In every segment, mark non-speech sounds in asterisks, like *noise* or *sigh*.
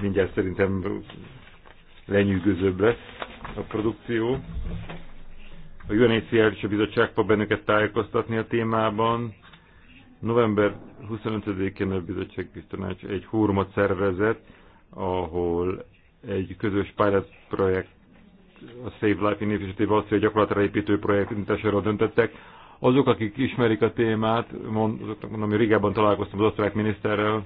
mindjárt szerintem lenyűgözőbb lesz a produkció. A UNHCR és a bizottság fog bennünket tájékoztatni a témában. November 25-én a bizottság tanács egy hórumot szervezett, ahol egy közös pilot projekt a Save Life Initiative egy gyakorlatra építő projekt indításáról döntöttek. Azok, akik ismerik a témát, mond, azoknak mondom, hogy régebben találkoztam az osztrák miniszterrel,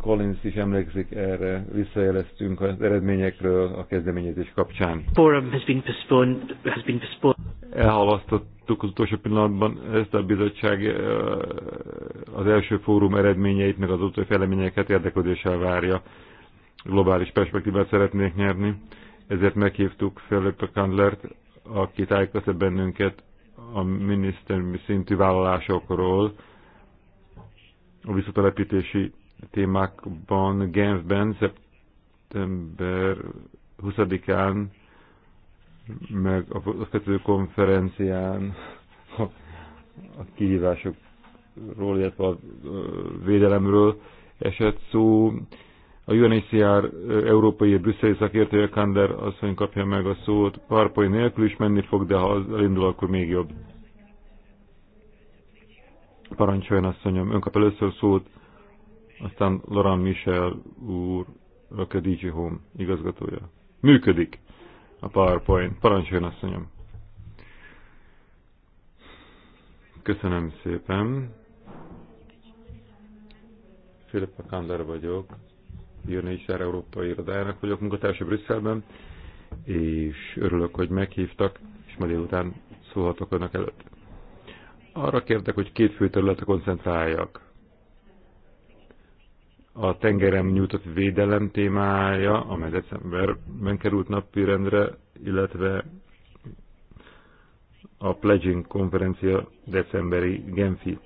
Collins is emlékszik erre, visszajeleztünk az eredményekről a kezdeményezés kapcsán. Forum has been postponed, has been postponed. Elhalasztottuk az utolsó pillanatban ezt a bizottság az első fórum eredményeit, meg az utolsó fejleményeket érdeklődéssel várja. Globális perspektívát szeretnék nyerni, ezért meghívtuk Philip Kandlert, aki tájékoztat bennünket a miniszteri szintű vállalásokról, a visszatelepítési témákban Genfben szeptember 20-án meg a fektető konferencián a, a kihívásokról, illetve a védelemről esett szó. A UNHCR európai brüsszeli szakértője Kander asszony kapja meg a szót. Parpoly nélkül is menni fog, de ha az elindul, akkor még jobb. Parancsoljon asszonyom, ön kap először szót aztán Laurent Michel úr, a Kedici Home igazgatója. Működik a PowerPoint. Parancsoljon, asszonyom! Köszönöm szépen! Filippa Kander vagyok, Jönnéser Európai Irodájának vagyok, munkatársa Brüsszelben, és örülök, hogy meghívtak, és ma délután szólhatok önök előtt. Arra kértek, hogy két fő területre koncentráljak a tengerem nyújtott védelem témája, amely decemberben került napirendre, illetve a Pledging konferencia decemberi Genfi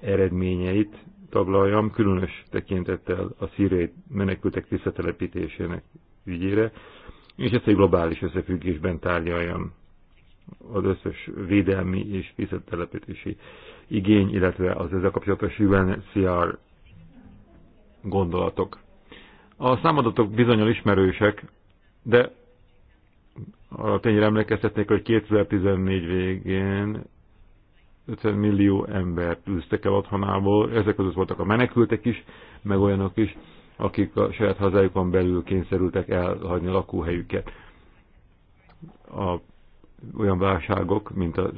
eredményeit taglaljam, különös tekintettel a szíriai menekültek visszatelepítésének ügyére, és ezt egy globális összefüggésben tárgyaljam az összes védelmi és visszatelepítési igény, illetve az ezzel kapcsolatos UNCR gondolatok. A számadatok bizonyal ismerősek, de a tényre emlékeztetnék, hogy 2014 végén 50 millió embert üztek el otthonából, ezek között voltak a menekültek is, meg olyanok is, akik a saját hazájukon belül kényszerültek elhagyni a lakóhelyüket. A, olyan válságok, mint, a,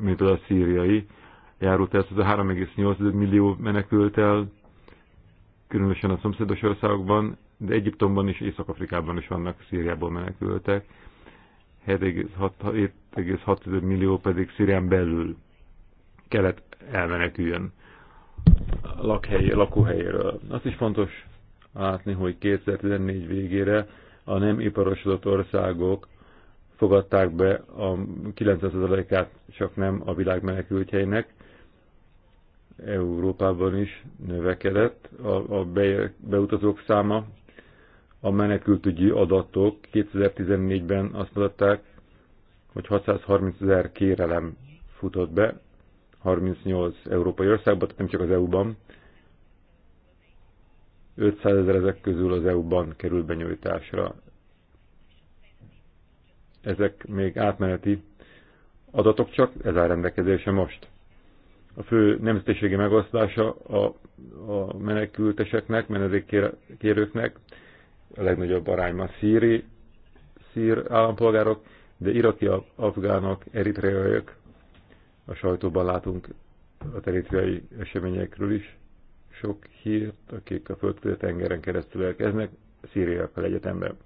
mint a szíriai járult el, ez a 3,8 millió menekült el, különösen a szomszédos országokban, de Egyiptomban és Észak-Afrikában is vannak Szíriából menekültek, 7,6 millió pedig Szírián belül kelet elmeneküljön lakhely, lakóhelyéről. Azt is fontos látni, hogy 2014 végére a nem iparosodott országok fogadták be a 90%-át csak nem a világ menekültjeinek, Európában is növekedett a, a be, beutazók száma. A menekültügyi adatok 2014-ben azt mutatták, hogy 630 ezer kérelem futott be, 38 európai országban, tehát nem csak az EU-ban. 500 ezer ezek közül az EU-ban kerül benyújtásra. Ezek még átmeneti adatok csak, ez áll rendelkezésre most a fő nemzetiségi megosztása a, a menekülteseknek, menedékkérőknek, a legnagyobb arányban szíri, szír állampolgárok, de irakiak, afgánok, eritreaiak, a sajtóban látunk a eritreai eseményekről is sok hírt, akik a földközi tengeren keresztül elkeznek, szíriakkal egyetemben.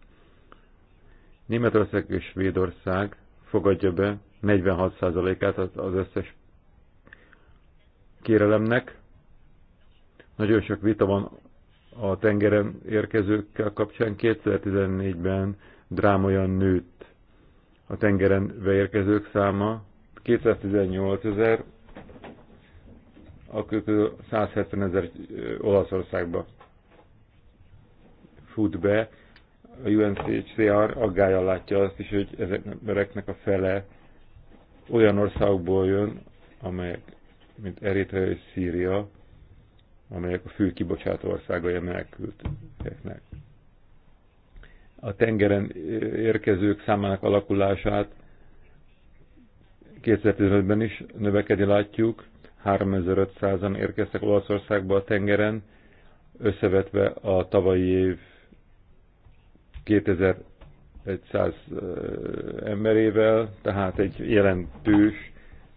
Németország és Védország fogadja be 46%-át az összes kérelemnek. Nagyon sok vita van a tengeren érkezőkkel kapcsán. 2014-ben drámaian nőtt a tengeren beérkezők száma. 218 ezer, akkor 170 ezer Olaszországba fut be. A UNCHCR aggája látja azt is, hogy ezeknek a fele olyan országból jön, amelyek mint Eritrea és Szíria, amelyek a fő kibocsátó országai a menekülteknek. A tengeren érkezők számának alakulását 2015-ben is növekedni látjuk, 3500-an érkeztek Olaszországba a tengeren, összevetve a tavalyi év 2100 emberével, tehát egy jelentős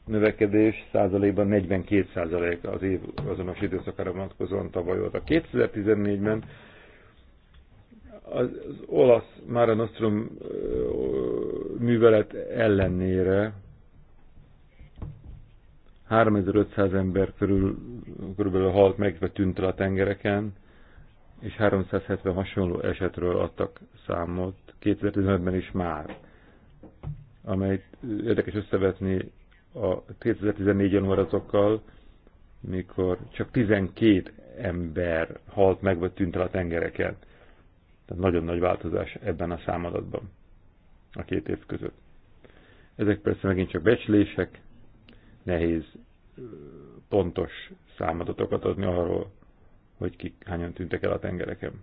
növekedés százalékban 42 százalék az év azonos időszakára vonatkozóan tavaly volt. A 2014-ben az, olasz Mara Nostrum művelet ellenére 3500 ember körül körülbelül halt meg, vagy tűnt el a tengereken, és 370 hasonló esetről adtak számot 2015-ben is már, amely érdekes összevetni a 2014 januáratokkal, mikor csak 12 ember halt meg, vagy tűnt el a tengereken. Tehát nagyon nagy változás ebben a számadatban a két év között. Ezek persze megint csak becslések, nehéz pontos számadatokat adni arról, hogy kik hányan tűntek el a tengereken.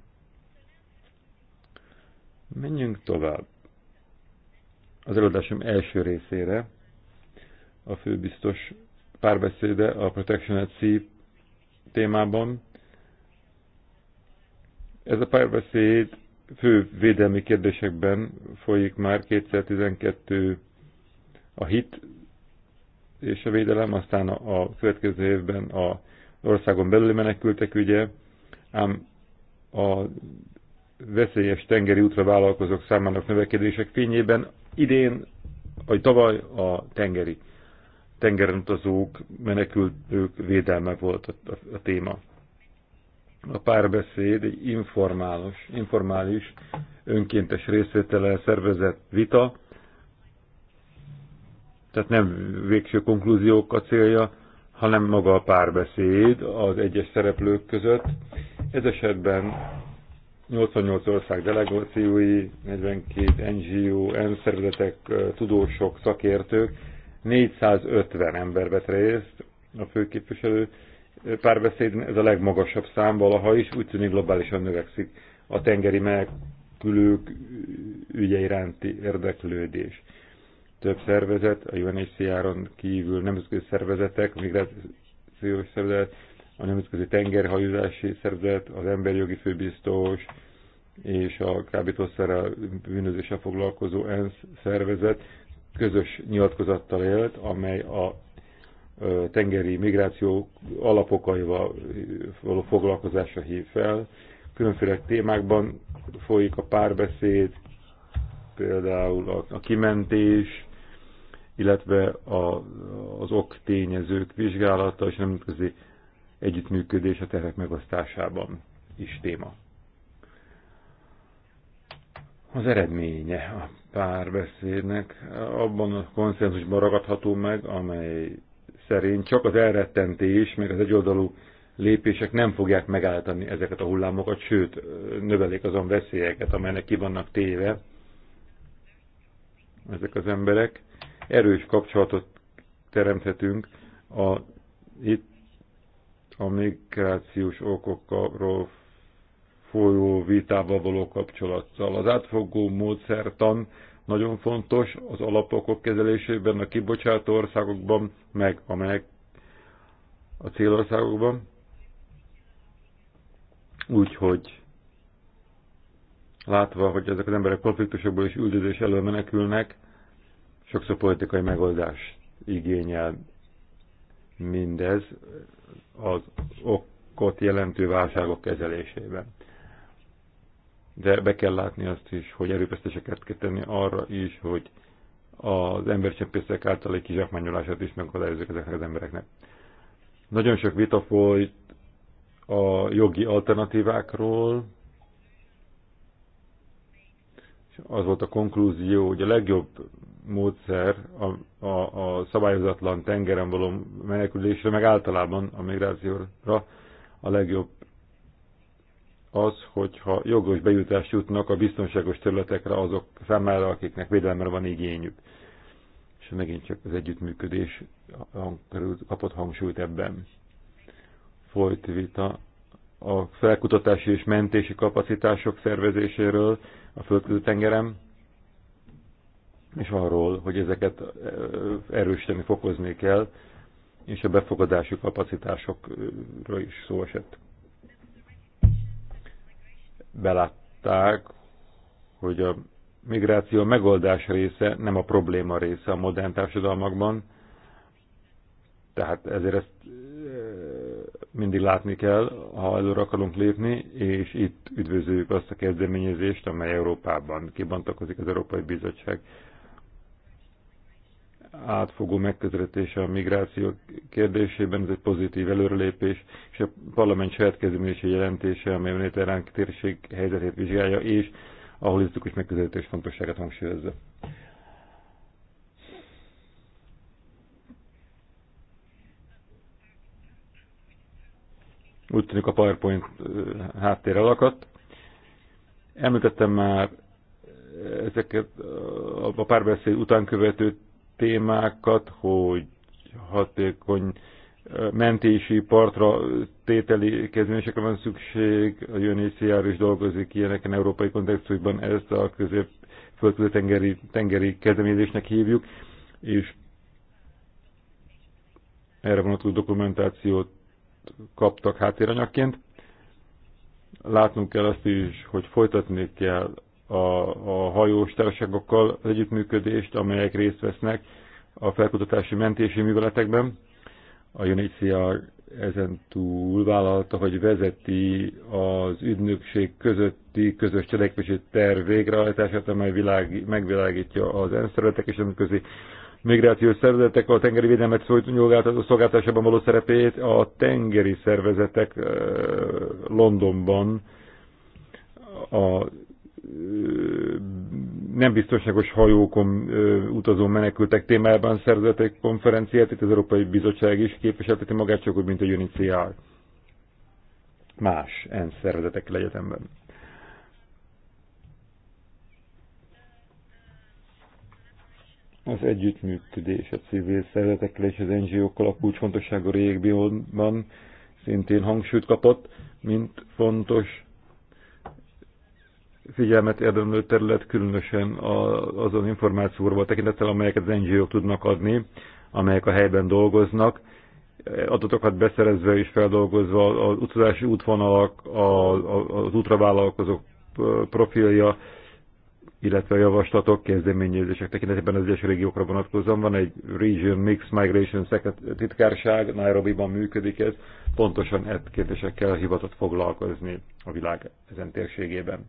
Menjünk tovább. Az előadásom első részére a főbiztos párbeszéde a Protection at Sea témában. Ez a párbeszéd fő védelmi kérdésekben folyik már 2012 a hit és a védelem, aztán a, a következő évben a országon belüli menekültek ügye, ám a veszélyes tengeri útra vállalkozók számának növekedések fényében idén, vagy tavaly a tengeri tengeren utazók, menekültők védelme volt a, a, a téma. A párbeszéd egy informális, informális önkéntes részvétele szervezett vita, tehát nem végső konklúziók a célja, hanem maga a párbeszéd az egyes szereplők között. Ez esetben 88 ország delegációi, 42 NGO, N szervezetek, tudósok, szakértők 450 ember vett részt a főképviselő párbeszéd, ez a legmagasabb szám valaha is, úgy tűnik globálisan növekszik a tengeri menekülők ügye iránti érdeklődés. Több szervezet, a UNHCR-on kívül nemzetközi szervezetek, a migrációs szervezet, a Nemzetközi Tengerhajózási Szervezet, az Emberjogi Főbiztos és a kábítószerrel bűnözéssel foglalkozó ENSZ szervezet közös nyilatkozattal élt, amely a tengeri migráció alapokaival való foglalkozásra hív fel. Különféle témákban folyik a párbeszéd, például a kimentés, illetve a, az ok tényezők vizsgálata és nemzetközi együttműködés a terhek megosztásában is téma az eredménye a párbeszédnek abban a konszenzusban ragadható meg, amely szerint csak az elrettentés, meg az egyoldalú lépések nem fogják megállítani ezeket a hullámokat, sőt, növelik azon veszélyeket, amelynek ki vannak téve ezek az emberek. Erős kapcsolatot teremthetünk a, itt a migrációs okokról folyó vitával való kapcsolattal. Az átfogó módszertan nagyon fontos az alapokok kezelésében, a kibocsátó országokban, meg meg a célországokban. Úgyhogy látva, hogy ezek az emberek konfliktusokból és üldözés elől menekülnek, sokszor politikai megoldás igényel mindez az okot jelentő válságok kezelésében de be kell látni azt is, hogy erőfeszítéseket kell tenni arra is, hogy az embercsempészek által egy kizsákmányolását is megakadályozzuk ezeknek az embereknek. Nagyon sok vita folyt a jogi alternatívákról, és az volt a konklúzió, hogy a legjobb módszer a, a, a szabályozatlan tengeren való menekülésre, meg általában a migrációra a legjobb az, hogyha jogos bejutást jutnak a biztonságos területekre azok számára, akiknek védelemre van igényük. És megint csak az együttműködés kapott hangsúlyt ebben. Folyt vita a felkutatási és mentési kapacitások szervezéséről a földközi tengerem, és arról, hogy ezeket erősíteni, fokozni kell, és a befogadási kapacitásokról is szó esett belátták, hogy a migráció megoldás része nem a probléma része a modern társadalmakban, tehát ezért ezt e, mindig látni kell, ha előre akarunk lépni, és itt üdvözlőjük azt a kezdeményezést, amely Európában kibontakozik az Európai Bizottság átfogó megközelítése a migráció kérdésében, ez egy pozitív előrelépés, és a parlament saját kezdeményezési jelentése, amely a mediterrán térség helyzetét vizsgálja, és a holisztikus megközelítés fontosságát hangsúlyozza. Úgy tűnik a PowerPoint eh, háttér alakadt. Említettem már ezeket a párbeszéd után követő témákat, hogy hatékony mentési partra tételi kezdeményesekre van szükség, a UNHCR is dolgozik ilyeneken európai kontextusban, ezt a közép földközi tengeri, tengeri kezdeményezésnek hívjuk, és erre vonatkozó dokumentációt kaptak háttéranyagként. Látnunk kell azt is, hogy folytatni kell a, a hajós társaságokkal az együttműködést, amelyek részt vesznek a felkutatási mentési műveletekben. A UNHCR ezen túl vállalta, hogy vezeti az ügynökség közötti közös cselekvési terv végrehajtását, amely világ, megvilágítja az ENSZ területek és nemzetközi migrációs szervezetek a tengeri védelmet szolgáltató szolgáltatásában való szerepét a tengeri szervezetek Londonban a nem biztonságos hajókon utazó menekültek témában szerzett egy konferenciát, itt az Európai Bizottság is képviselteti magát, csak úgy, mint a UNHCR. Más ENSZ szervezetek legyetemben. Az együttműködés a civil szervezetekkel és az NGO-kkal a kulcsfontosságú régióban szintén hangsúlyt kapott, mint fontos figyelmet érdemlő terület, különösen azon információval tekintettel, amelyeket az ngo tudnak adni, amelyek a helyben dolgoznak, adatokat beszerezve és feldolgozva, az utazási útvonalak, az útravállalkozók profilja, illetve a javaslatok, kezdeményezések tekintetében az egyes régiókra vonatkozóan van egy Region mix Migration titkárság, Nairobi-ban működik ez, pontosan ezt kérdésekkel hivatott foglalkozni a világ ezen térségében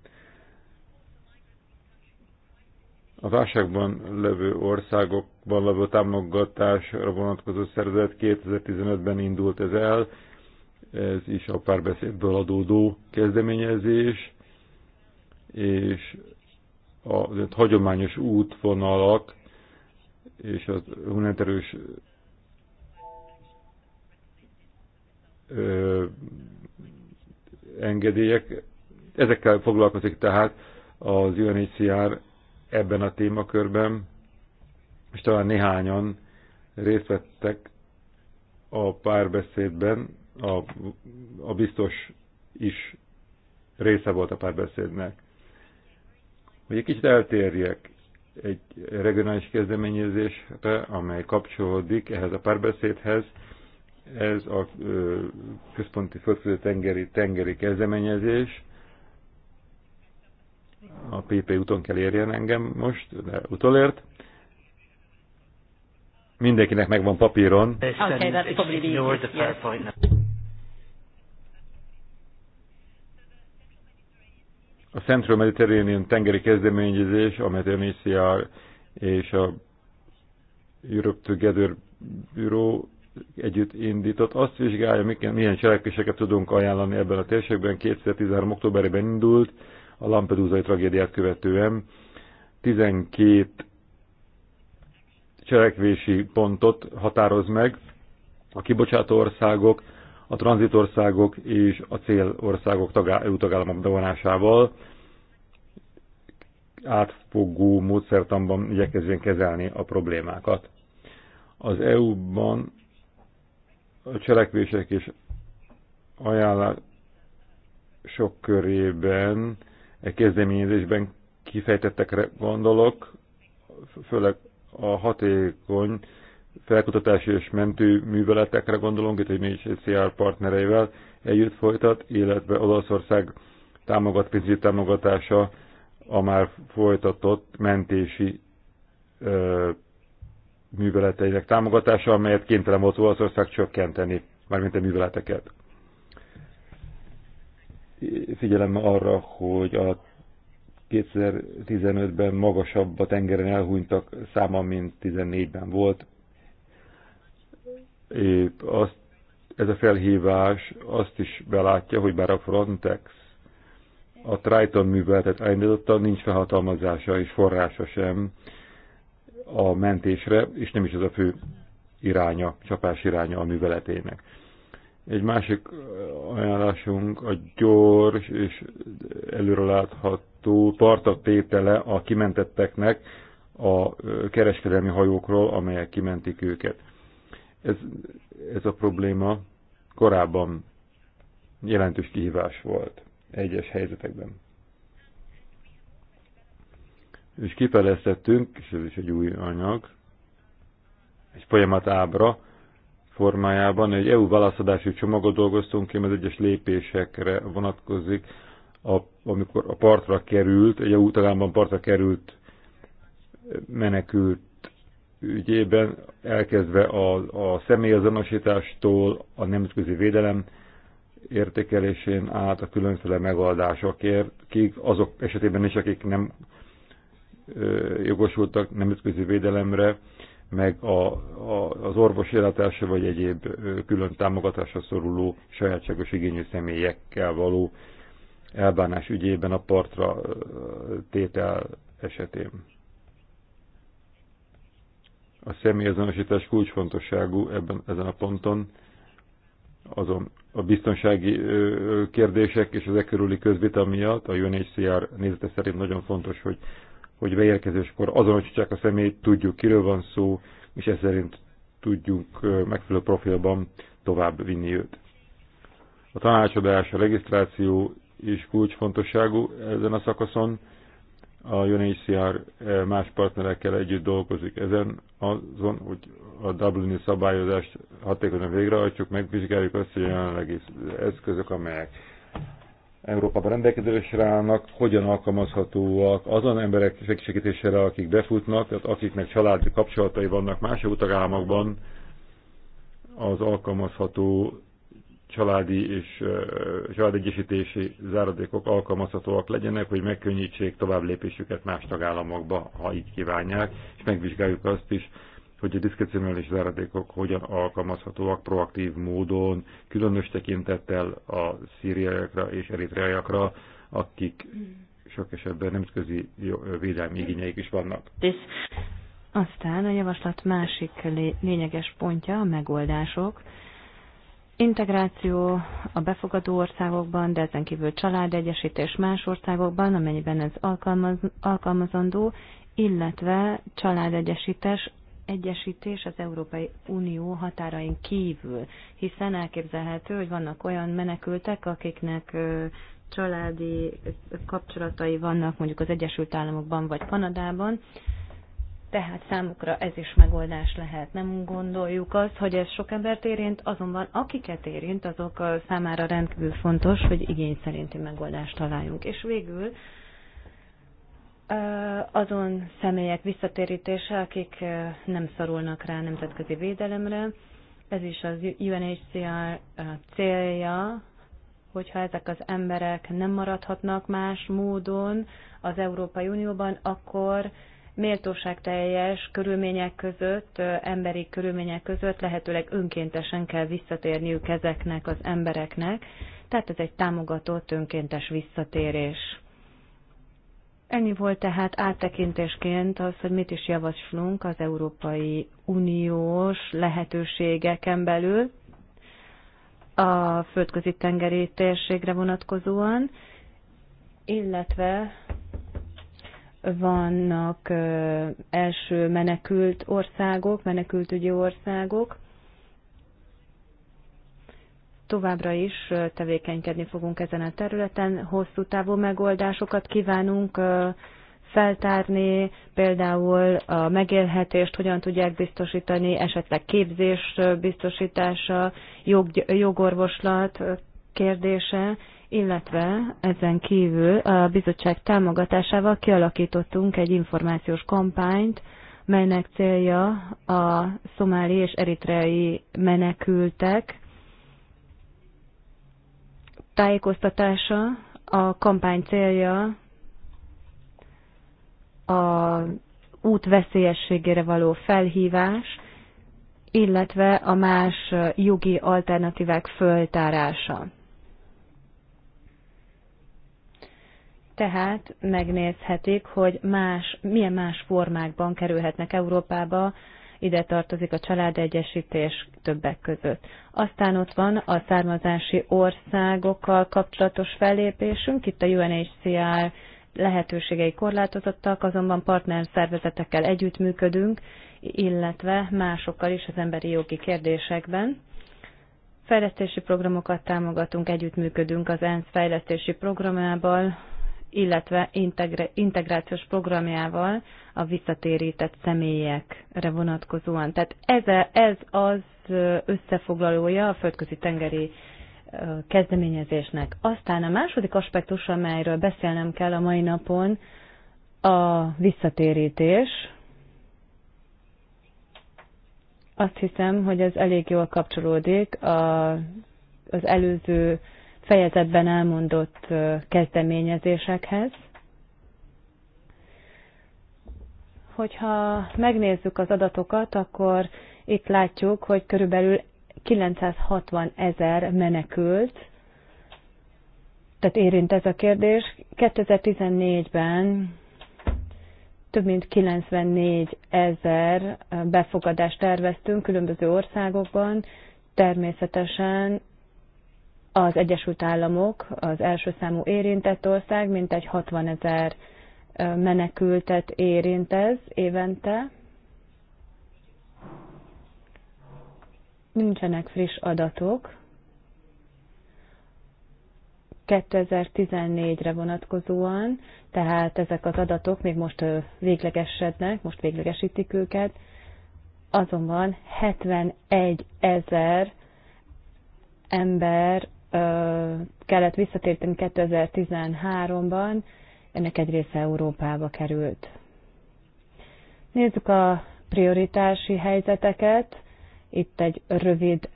a válságban levő országokban levő támogatásra vonatkozó szervezet 2015-ben indult ez el, ez is a párbeszédből adódó kezdeményezés, és a hagyományos útvonalak és az humanitárius engedélyek, ezekkel foglalkozik tehát az UNHCR ebben a témakörben, és talán néhányan részt vettek a párbeszédben, a, a biztos is része volt a párbeszédnek. Hogy egy kicsit eltérjek egy regionális kezdeményezésre, amely kapcsolódik ehhez a párbeszédhez, ez a központi földközi tengeri, tengeri kezdeményezés, a PP úton kell érjen engem most, de utolért. Mindenkinek megvan papíron. Okay, A Central Mediterranean tengeri kezdeményezés, amelyet a MCR és a Europe Together Bureau együtt indított. Azt vizsgálja, milyen cselekvéseket tudunk ajánlani ebben a térségben. 2013. októberében indult, a Lampedusa tragédiát követően 12 cselekvési pontot határoz meg a kibocsátó országok, a tranzitországok és a célországok tagá EU tagállamok bevonásával átfogó módszertanban igyekezzen kezelni a problémákat. Az EU-ban a cselekvések és ajánlások körében e kezdeményezésben kifejtettekre gondolok, főleg a hatékony felkutatási és mentő műveletekre gondolunk, itt egy CR partnereivel együtt folytat, illetve Olaszország támogat pénzügyi támogatása a már folytatott mentési ö, műveleteinek támogatása, amelyet kénytelen volt Olaszország csökkenteni, mármint a műveleteket figyelemmel arra, hogy a 2015-ben magasabb a tengeren elhunytak száma, mint 14-ben volt. Épp azt, ez a felhívás azt is belátja, hogy bár a Frontex a Triton műveletet elindította, nincs felhatalmazása és forrása sem a mentésre, és nem is ez a fő iránya, csapás iránya a műveletének. Egy másik ajánlásunk a gyors és előrelátható tartatétele a kimentetteknek a kereskedelmi hajókról, amelyek kimentik őket. Ez, ez a probléma korábban jelentős kihívás volt egyes helyzetekben. És kifeleztettünk, és ez is egy új anyag, egy folyamat ábra, formájában egy EU válaszadási csomagot dolgoztunk ki, az egyes lépésekre vonatkozik, a, amikor a partra került, egy EU tagállamban partra került menekült ügyében, elkezdve a, a személyazonosítástól a nemzetközi védelem értékelésén át a különféle kik azok esetében is, akik nem ö, jogosultak nemzetközi védelemre, meg a, a, az orvos ellátása vagy egyéb külön támogatásra szoruló sajátságos igényű személyekkel való elbánás ügyében a partra tétel esetén. A személyazonosítás kulcsfontosságú ebben, ezen a ponton, azon a biztonsági kérdések és az e körüli közvita miatt a UNHCR nézete szerint nagyon fontos, hogy hogy beérkezéskor azonosítsák a személyt, tudjuk kiről van szó, és ez szerint tudjuk megfelelő profilban tovább vinni őt. A tanácsadás, a regisztráció is kulcsfontosságú ezen a szakaszon. A UNHCR más partnerekkel együtt dolgozik ezen azon, hogy a Dublini szabályozást hatékonyan végrehajtsuk, megvizsgáljuk azt, hogy jelenlegi eszközök, amelyek Európában rendelkezésre állnak, hogyan alkalmazhatóak azon emberek segítésére, akik befutnak, tehát akiknek családi kapcsolatai vannak más utagállamokban, az alkalmazható családi és családegyesítési záradékok alkalmazhatóak legyenek, hogy megkönnyítsék tovább lépésüket más tagállamokba, ha így kívánják, és megvizsgáljuk azt is, hogy a diszkrecionális záradékok hogyan alkalmazhatóak proaktív módon, különös tekintettel a szíriaiakra és eritreaiakra, akik sok esetben nemzetközi védelmi igényeik is vannak. Aztán a javaslat másik lényeges pontja a megoldások. Integráció a befogadó országokban, de ezen kívül családegyesítés más országokban, amennyiben ez alkalmaz, alkalmazandó, illetve családegyesítés egyesítés az Európai Unió határain kívül, hiszen elképzelhető, hogy vannak olyan menekültek, akiknek családi kapcsolatai vannak mondjuk az Egyesült Államokban vagy Kanadában, tehát számukra ez is megoldás lehet. Nem gondoljuk azt, hogy ez sok embert érint, azonban akiket érint, azok számára rendkívül fontos, hogy igény szerinti megoldást találjunk. És végül azon személyek visszatérítése, akik nem szorulnak rá nemzetközi védelemre. Ez is az UNHCR célja, hogyha ezek az emberek nem maradhatnak más módon az Európai Unióban, akkor méltóságteljes körülmények között, emberi körülmények között lehetőleg önkéntesen kell visszatérniük ezeknek az embereknek. Tehát ez egy támogatott önkéntes visszatérés. Ennyi volt tehát áttekintésként az, hogy mit is javaslunk az Európai Uniós lehetőségeken belül a földközi tengeri térségre vonatkozóan, illetve vannak első menekült országok, menekültügyi országok, továbbra is tevékenykedni fogunk ezen a területen. Hosszú távú megoldásokat kívánunk feltárni, például a megélhetést hogyan tudják biztosítani, esetleg képzés biztosítása, jog, jogorvoslat kérdése, illetve ezen kívül a bizottság támogatásával kialakítottunk egy információs kampányt, melynek célja a szomáli és eritreai menekültek tájékoztatása, a kampány célja a út veszélyességére való felhívás, illetve a más jogi alternatívák föltárása. Tehát megnézhetik, hogy más, milyen más formákban kerülhetnek Európába ide tartozik a családegyesítés többek között. Aztán ott van a származási országokkal kapcsolatos fellépésünk, itt a UNHCR lehetőségei korlátozottak, azonban partner szervezetekkel együttműködünk, illetve másokkal is az emberi jogi kérdésekben. Fejlesztési programokat támogatunk, együttműködünk az ENSZ fejlesztési programával, illetve integrációs programjával a visszatérített személyekre vonatkozóan. Tehát ez, ez az összefoglalója a földközi tengeri kezdeményezésnek. Aztán a második aspektus, amelyről beszélnem kell a mai napon, a visszatérítés. Azt hiszem, hogy ez elég jól kapcsolódik a, az előző fejezetben elmondott kezdeményezésekhez. Hogyha megnézzük az adatokat, akkor itt látjuk, hogy körülbelül 960 ezer menekült, tehát érint ez a kérdés. 2014-ben több mint 94 ezer befogadást terveztünk különböző országokban, természetesen az Egyesült Államok az első számú érintett ország, mintegy 60 ezer menekültet érint ez évente. Nincsenek friss adatok. 2014-re vonatkozóan, tehát ezek az adatok még most véglegesednek, most véglegesítik őket, azonban 71 ezer ember kellett visszatérteni 2013-ban, ennek egy része Európába került. Nézzük a prioritási helyzeteket. Itt egy rövid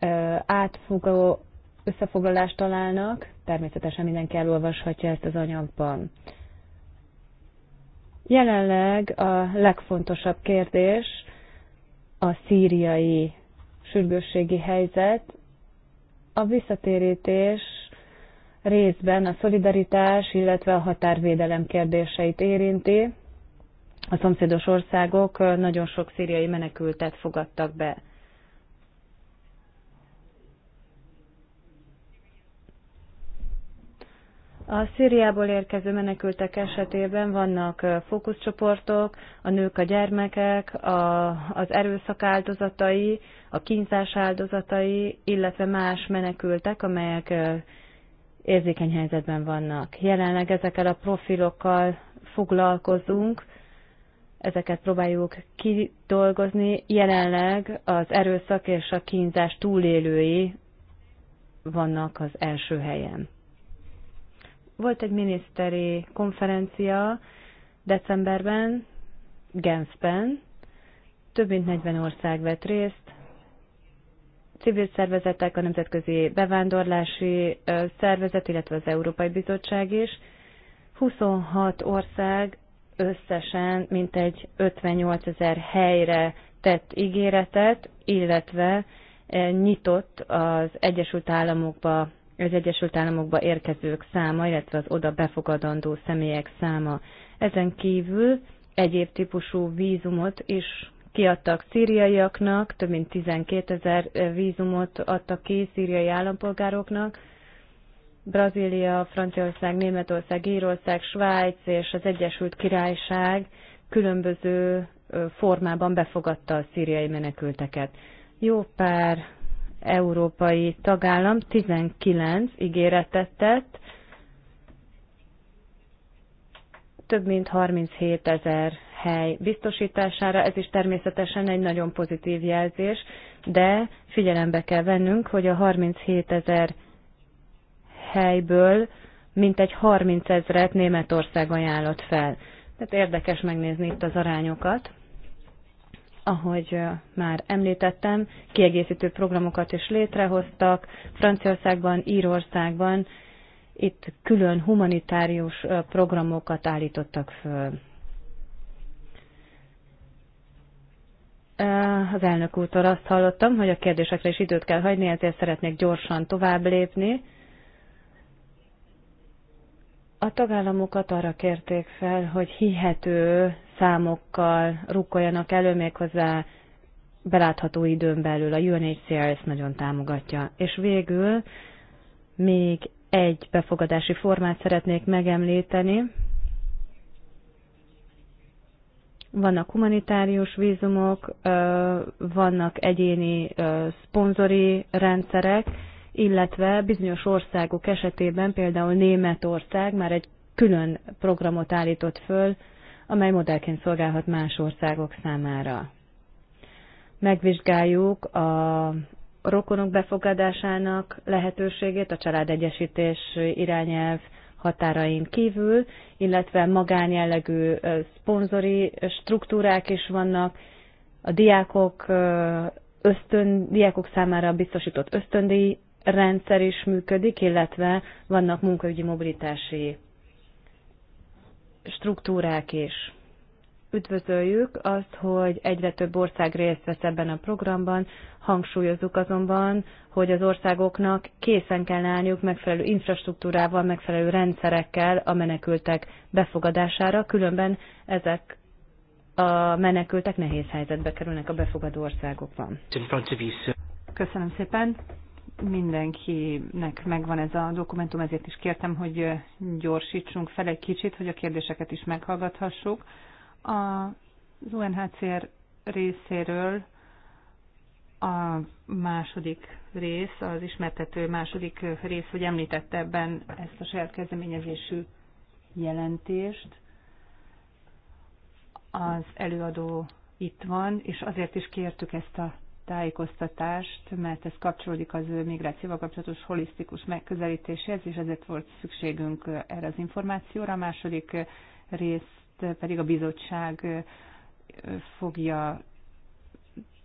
átfogó összefoglalást találnak. Természetesen mindenki elolvashatja ezt az anyagban. Jelenleg a legfontosabb kérdés a szíriai sürgősségi helyzet, a visszatérítés részben a szolidaritás, illetve a határvédelem kérdéseit érinti. A szomszédos országok nagyon sok szíriai menekültet fogadtak be. A Szíriából érkező menekültek esetében vannak fókuszcsoportok, a nők, a gyermekek, a, az erőszak áldozatai, a kínzás áldozatai, illetve más menekültek, amelyek érzékeny helyzetben vannak. Jelenleg ezekkel a profilokkal foglalkozunk, ezeket próbáljuk kidolgozni. Jelenleg az erőszak és a kínzás túlélői vannak az első helyen. Volt egy miniszteri konferencia decemberben, Genfben, több mint 40 ország vett részt, civil szervezetek, a Nemzetközi Bevándorlási Szervezet, illetve az Európai Bizottság is. 26 ország összesen mintegy 58 ezer helyre tett ígéretet, illetve nyitott az Egyesült Államokba, az Egyesült Államokba érkezők száma, illetve az oda befogadandó személyek száma. Ezen kívül egyéb típusú vízumot is kiadtak szíriaiaknak, több mint 12 ezer eh, vízumot adtak ki szíriai állampolgároknak. Brazília, Franciaország, Németország, Írország, Svájc és az Egyesült Királyság különböző formában befogadta a szíriai menekülteket. Jó pár európai tagállam, 19 ígéretet tett, több mint 37 ezer hely biztosítására. Ez is természetesen egy nagyon pozitív jelzés, de figyelembe kell vennünk, hogy a 37 ezer helyből mintegy 30 ezret Németország ajánlott fel. Tehát érdekes megnézni itt az arányokat. Ahogy már említettem, kiegészítő programokat is létrehoztak Franciaországban, Írországban, itt külön humanitárius programokat állítottak föl. Az elnök úrtól azt hallottam, hogy a kérdésekre is időt kell hagyni, ezért szeretnék gyorsan tovább lépni. A tagállamokat arra kérték fel, hogy hihető számokkal rukkoljanak elő méghozzá belátható időn belül. A UNHCR ezt nagyon támogatja. És végül még egy befogadási formát szeretnék megemlíteni, vannak humanitárius vízumok, vannak egyéni szponzori rendszerek, illetve bizonyos országok esetében, például Németország már egy külön programot állított föl, amely modellként szolgálhat más országok számára. Megvizsgáljuk a rokonok befogadásának lehetőségét, a családegyesítés irányelv határain kívül, illetve magánjellegű szponzori struktúrák is vannak, a diákok, ösztön, diákok számára biztosított ösztöndíj rendszer is működik, illetve vannak munkaügyi mobilitási struktúrák is. Üdvözöljük azt, hogy egyre több ország részt vesz ebben a programban, hangsúlyozzuk azonban, hogy az országoknak készen kell állniuk megfelelő infrastruktúrával, megfelelő rendszerekkel a menekültek befogadására, különben ezek a menekültek nehéz helyzetbe kerülnek a befogadó országokban. Köszönöm szépen. Mindenkinek megvan ez a dokumentum, ezért is kértem, hogy gyorsítsunk fel egy kicsit, hogy a kérdéseket is meghallgathassuk. Az UNHCR részéről a második rész, az ismertető második rész, hogy említette ebben ezt a saját kezdeményezésű jelentést. Az előadó itt van, és azért is kértük ezt a tájékoztatást, mert ez kapcsolódik az migrációval kapcsolatos holisztikus megközelítéshez, és ezért volt szükségünk erre az információra. A második rész pedig a bizottság fogja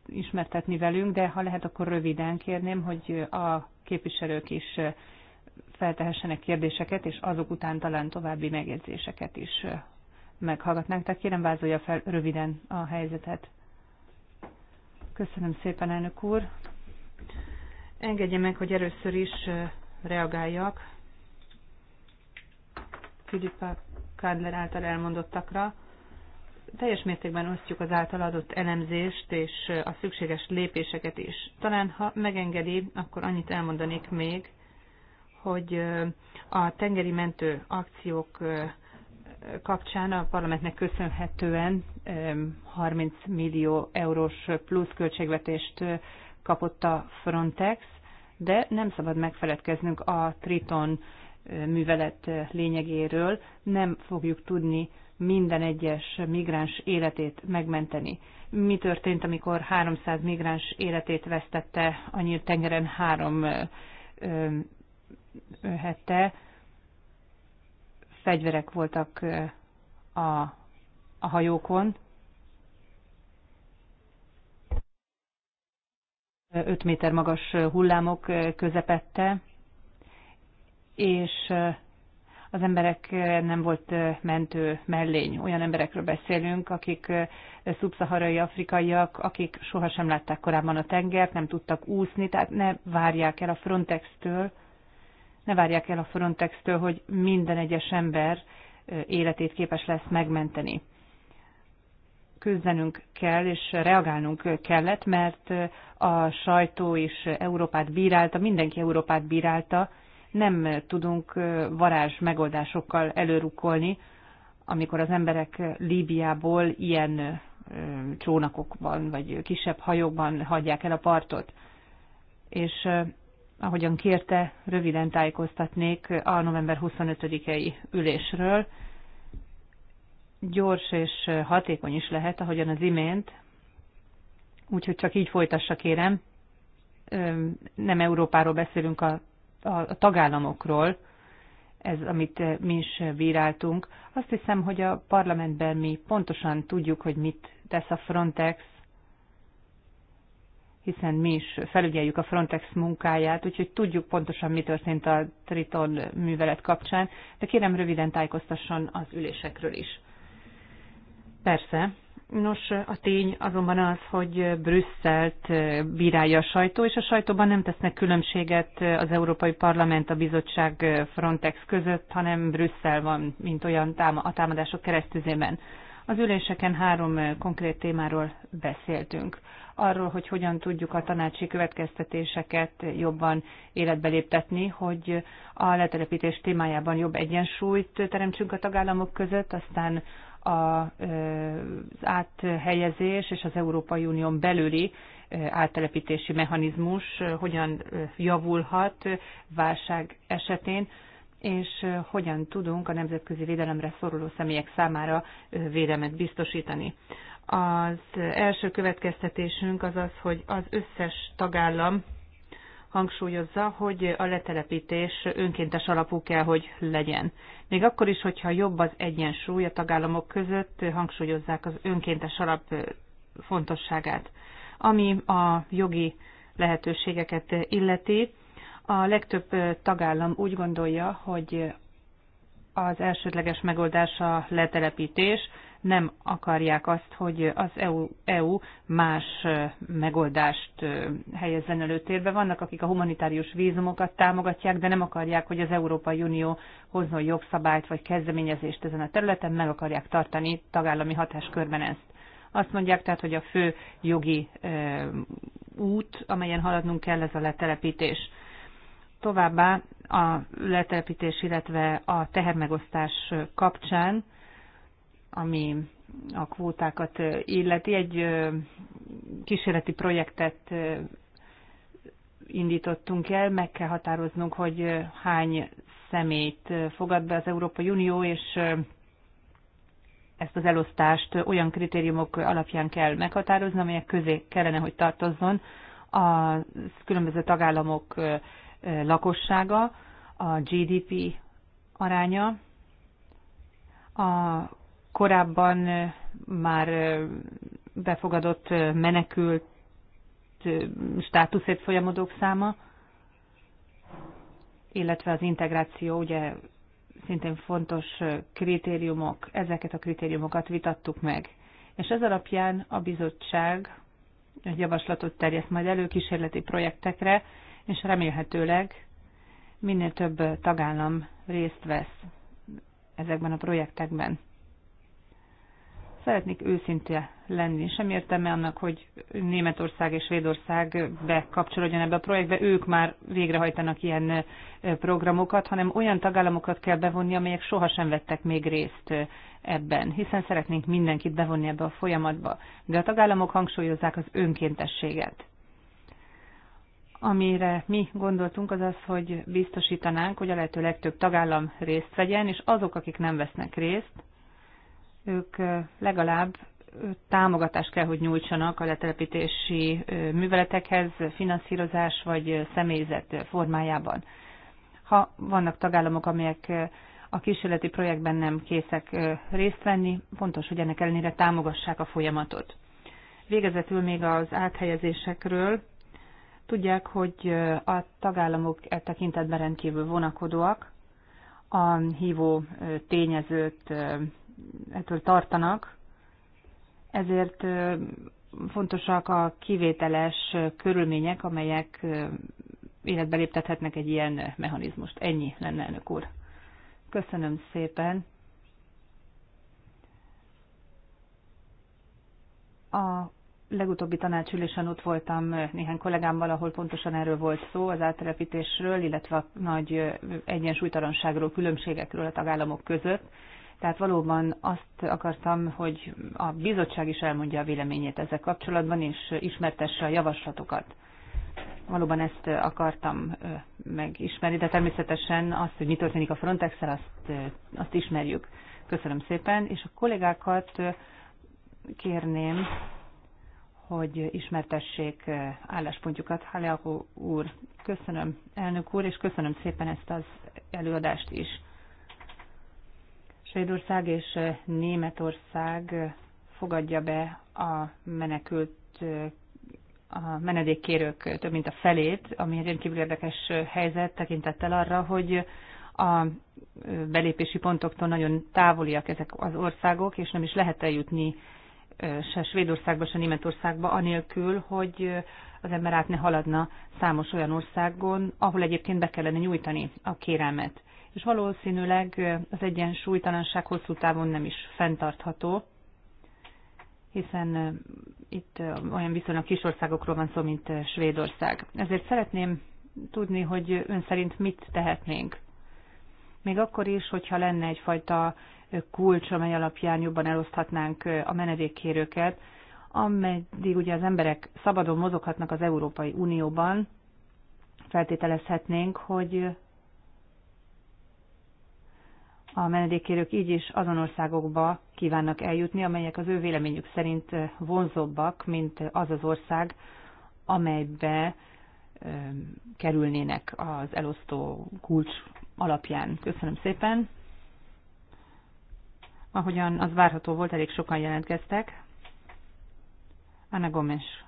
ismertetni velünk, de ha lehet, akkor röviden kérném, hogy a képviselők is feltehessenek kérdéseket, és azok után talán további megjegyzéseket is meghallgatnánk. Tehát kérem, vázolja fel röviden a helyzetet. Köszönöm szépen, elnök úr. Engedje meg, hogy először is reagáljak Filipa Kádler által elmondottakra. Teljes mértékben osztjuk az által adott elemzést és a szükséges lépéseket is. Talán, ha megengedi, akkor annyit elmondanék még, hogy a tengeri mentő akciók kapcsán a parlamentnek köszönhetően 30 millió eurós plusz költségvetést kapott a Frontex, de nem szabad megfeledkeznünk a Triton művelet lényegéről, nem fogjuk tudni minden egyes migráns életét megmenteni. Mi történt, amikor 300 migráns életét vesztette a nyílt tengeren három hette? Fegyverek voltak a, a hajókon, 5 méter magas hullámok közepette, és az emberek nem volt mentő mellény. Olyan emberekről beszélünk, akik szubszaharai afrikaiak, akik sohasem látták korábban a tengert, nem tudtak úszni, tehát ne várják el a Frontex-től, ne várják el a Frontex-től, hogy minden egyes ember életét képes lesz megmenteni. Küzdenünk kell, és reagálnunk kellett, mert a sajtó is Európát bírálta, mindenki Európát bírálta, nem tudunk varázs megoldásokkal előrukkolni, amikor az emberek Líbiából ilyen csónakokban vagy kisebb hajókban hagyják el a partot. És ahogyan kérte, röviden tájékoztatnék a november 25-i ülésről. Gyors és hatékony is lehet, ahogyan az imént, úgyhogy csak így folytassa kérem. Nem Európáról beszélünk a a tagállamokról, ez, amit eh, mi is bíráltunk. Azt hiszem, hogy a parlamentben mi pontosan tudjuk, hogy mit tesz a Frontex, hiszen mi is felügyeljük a Frontex munkáját, úgyhogy tudjuk pontosan, mi történt a Triton művelet kapcsán, de kérem röviden tájékoztasson az ülésekről is. Persze, Nos, a tény azonban az, hogy Brüsszelt bírálja a sajtó, és a sajtóban nem tesznek különbséget az Európai Parlament, a Bizottság Frontex között, hanem Brüsszel van, mint olyan a támadások keresztüzében. Az üléseken három konkrét témáról beszéltünk. Arról, hogy hogyan tudjuk a tanácsi következtetéseket jobban életbe léptetni, hogy a letelepítés témájában jobb egyensúlyt teremtsünk a tagállamok között, aztán az áthelyezés és az Európai Unión belüli áttelepítési mechanizmus hogyan javulhat válság esetén, és hogyan tudunk a nemzetközi védelemre szoruló személyek számára védelmet biztosítani. Az első következtetésünk az az, hogy az összes tagállam hangsúlyozza, hogy a letelepítés önkéntes alapú kell, hogy legyen. Még akkor is, hogyha jobb az egyensúly a tagállamok között, hangsúlyozzák az önkéntes alap fontosságát. Ami a jogi lehetőségeket illeti, a legtöbb tagállam úgy gondolja, hogy az elsődleges megoldás a letelepítés, nem akarják azt, hogy az EU, EU más megoldást helyezzen előtérbe. Vannak, akik a humanitárius vízumokat támogatják, de nem akarják, hogy az Európai Unió hozzon jogszabályt vagy kezdeményezést ezen a területen, meg akarják tartani tagállami hatáskörben ezt. Azt mondják tehát, hogy a fő jogi ö, út, amelyen haladnunk kell, ez a letelepítés. Továbbá a letelepítés, illetve a tehermegosztás kapcsán ami a kvótákat illeti. Egy kísérleti projektet indítottunk el, meg kell határoznunk, hogy hány szemét fogad be az Európai Unió, és ezt az elosztást olyan kritériumok alapján kell meghatározni, amelyek közé kellene, hogy tartozzon a különböző tagállamok lakossága, a GDP aránya, a korábban már befogadott menekült státuszét folyamodók száma, illetve az integráció, ugye szintén fontos kritériumok, ezeket a kritériumokat vitattuk meg. És ez alapján a bizottság egy javaslatot terjeszt majd elő kísérleti projektekre, és remélhetőleg minél több tagállam részt vesz ezekben a projektekben. Szeretnék őszinte lenni. Sem értelme annak, hogy Németország és Svédország bekapcsolódjon ebbe a projektbe, ők már végrehajtanak ilyen programokat, hanem olyan tagállamokat kell bevonni, amelyek sohasem vettek még részt ebben, hiszen szeretnénk mindenkit bevonni ebbe a folyamatba. De a tagállamok hangsúlyozzák az önkéntességet. Amire mi gondoltunk, az az, hogy biztosítanánk, hogy a lehető legtöbb tagállam részt vegyen, és azok, akik nem vesznek részt, ők legalább támogatást kell, hogy nyújtsanak a letelepítési műveletekhez, finanszírozás vagy személyzet formájában. Ha vannak tagállamok, amelyek a kísérleti projektben nem készek részt venni, fontos, hogy ennek ellenére támogassák a folyamatot. Végezetül még az áthelyezésekről. Tudják, hogy a tagállamok e tekintetben rendkívül vonakodóak. A hívó tényezőt ettől tartanak, ezért fontosak a kivételes körülmények, amelyek életbe léptethetnek egy ilyen mechanizmust. Ennyi lenne, elnök úr. Köszönöm szépen. A legutóbbi tanácsülésen ott voltam néhány kollégámmal, ahol pontosan erről volt szó, az áttelepítésről, illetve a nagy egyensúlytalanságról, különbségekről a tagállamok között tehát valóban azt akartam, hogy a bizottság is elmondja a véleményét ezzel kapcsolatban, és ismertesse a javaslatokat. Valóban ezt akartam megismerni, de természetesen azt, hogy mi történik a frontex azt, azt ismerjük. Köszönöm szépen, és a kollégákat kérném, hogy ismertessék álláspontjukat. Haleahu úr, köszönöm elnök úr, és köszönöm szépen ezt az előadást is. Svédország és eh, Németország eh, fogadja be a menekült eh, a menedékkérők több mint a felét, ami egy rendkívül érdekes helyzet tekintettel arra, hogy a belépési pontoktól nagyon távoliak ezek az országok, és nem is lehet eljutni se Svédországba, se Németországba, anélkül, hogy az ember át ne haladna számos olyan országon, ahol egyébként be kellene nyújtani a kérelmet és valószínűleg az egyensúlytalanság hosszú távon nem is fenntartható, hiszen itt olyan viszonylag kis országokról van szó, mint Svédország. Ezért szeretném tudni, hogy ön szerint mit tehetnénk. Még akkor is, hogyha lenne egyfajta kulcs, amely alapján jobban eloszthatnánk a menedékkérőket, ameddig ugye az emberek szabadon mozoghatnak az Európai Unióban, feltételezhetnénk, hogy a menedékkérők így is azon országokba kívánnak eljutni, amelyek az ő véleményük szerint vonzóbbak, mint az az ország, amelybe kerülnének az elosztó kulcs alapján. Köszönöm szépen. Ahogyan az várható volt, elég sokan jelentkeztek. Anna Gomes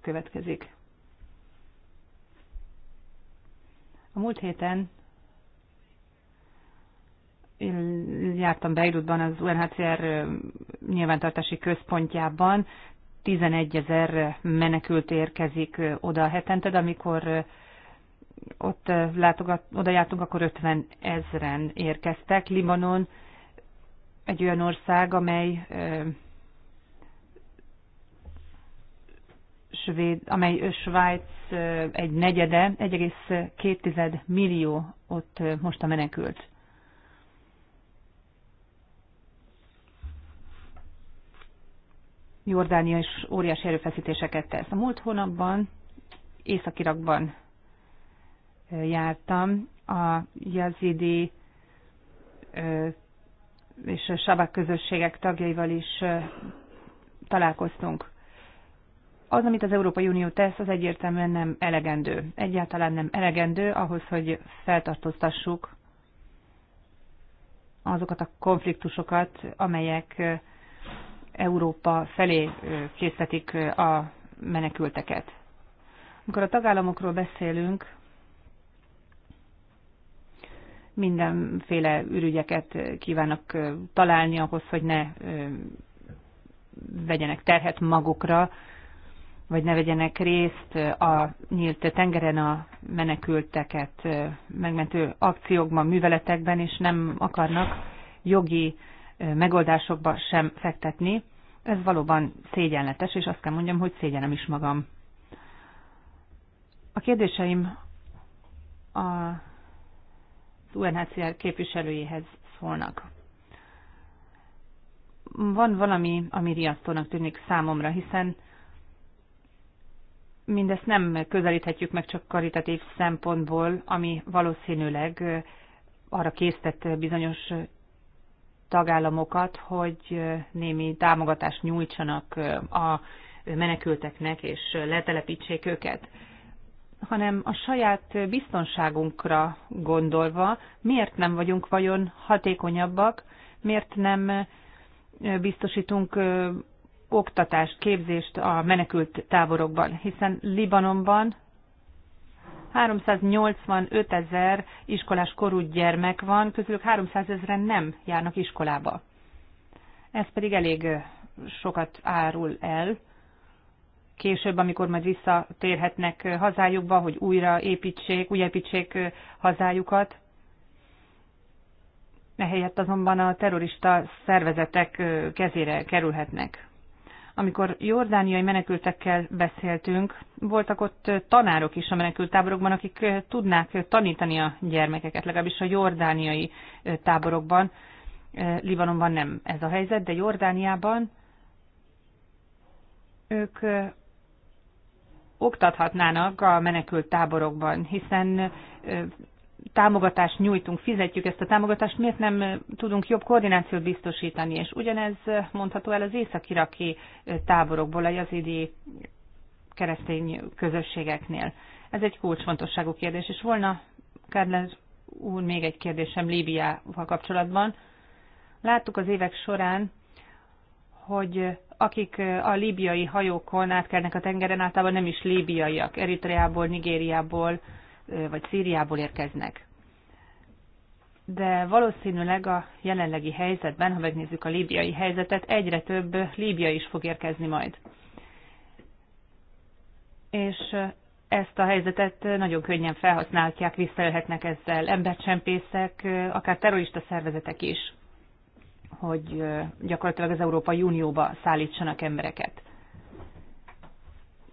következik. A múlt héten én jártam Beirutban, az UNHCR nyilvántartási központjában, 11 ezer menekült érkezik oda hetente, de amikor ott látogat, oda jártunk, akkor 50 ezeren érkeztek. Libanon egy olyan ország, amely Svéd, amely Svájc egy negyede, 1,2 millió ott most a menekült. Jordánia is óriási erőfeszítéseket tesz. A múlt hónapban Észak-Irakban jártam, a jazidi és a sabak közösségek tagjaival is találkoztunk. Az, amit az Európai Unió tesz, az egyértelműen nem elegendő. Egyáltalán nem elegendő ahhoz, hogy feltartóztassuk azokat a konfliktusokat, amelyek Európa felé készítik a menekülteket. Amikor a tagállamokról beszélünk, mindenféle ürügyeket kívánnak találni ahhoz, hogy ne vegyenek terhet magukra, vagy ne vegyenek részt a nyílt tengeren a menekülteket megmentő akciókban, műveletekben, és nem akarnak jogi megoldásokba sem fektetni. Ez valóban szégyenletes, és azt kell mondjam, hogy szégyenem is magam. A kérdéseim a UNHCR képviselőjéhez szólnak. Van valami, ami riasztónak tűnik számomra, hiszen mindezt nem közelíthetjük meg csak karitatív szempontból, ami valószínűleg arra késztett bizonyos tagállamokat, hogy némi támogatást nyújtsanak a menekülteknek, és letelepítsék őket, hanem a saját biztonságunkra gondolva, miért nem vagyunk vajon hatékonyabbak, miért nem biztosítunk oktatást, képzést a menekült táborokban, hiszen Libanonban 385 ezer iskolás korú gyermek van, közülük 300 ezeren nem járnak iskolába. Ez pedig elég sokat árul el. Később, amikor majd visszatérhetnek hazájukba, hogy újra építsék, építsék hazájukat, ehelyett azonban a terrorista szervezetek kezére kerülhetnek. Amikor jordániai menekültekkel beszéltünk, voltak ott tanárok is a menekült táborokban, akik tudnák tanítani a gyermekeket, legalábbis a jordániai táborokban. Libanonban nem ez a helyzet, de Jordániában ők oktathatnának a menekült táborokban, hiszen támogatást nyújtunk, fizetjük ezt a támogatást, miért nem tudunk jobb koordinációt biztosítani? És ugyanez mondható el az észak-iraki táborokból, a jazidi keresztény közösségeknél. Ez egy kulcsfontosságú kérdés, és volna, Kárlás úr, még egy kérdésem Líbiával kapcsolatban. Láttuk az évek során, hogy akik a líbiai hajókon átkelnek a tengeren, általában nem is líbiaiak, Eritreából, Nigériából, vagy Szíriából érkeznek. De valószínűleg a jelenlegi helyzetben, ha megnézzük a líbiai helyzetet, egyre több líbia is fog érkezni majd. És ezt a helyzetet nagyon könnyen felhasználhatják, visszaélhetnek ezzel embercsempészek, akár terrorista szervezetek is, hogy gyakorlatilag az Európai Unióba szállítsanak embereket.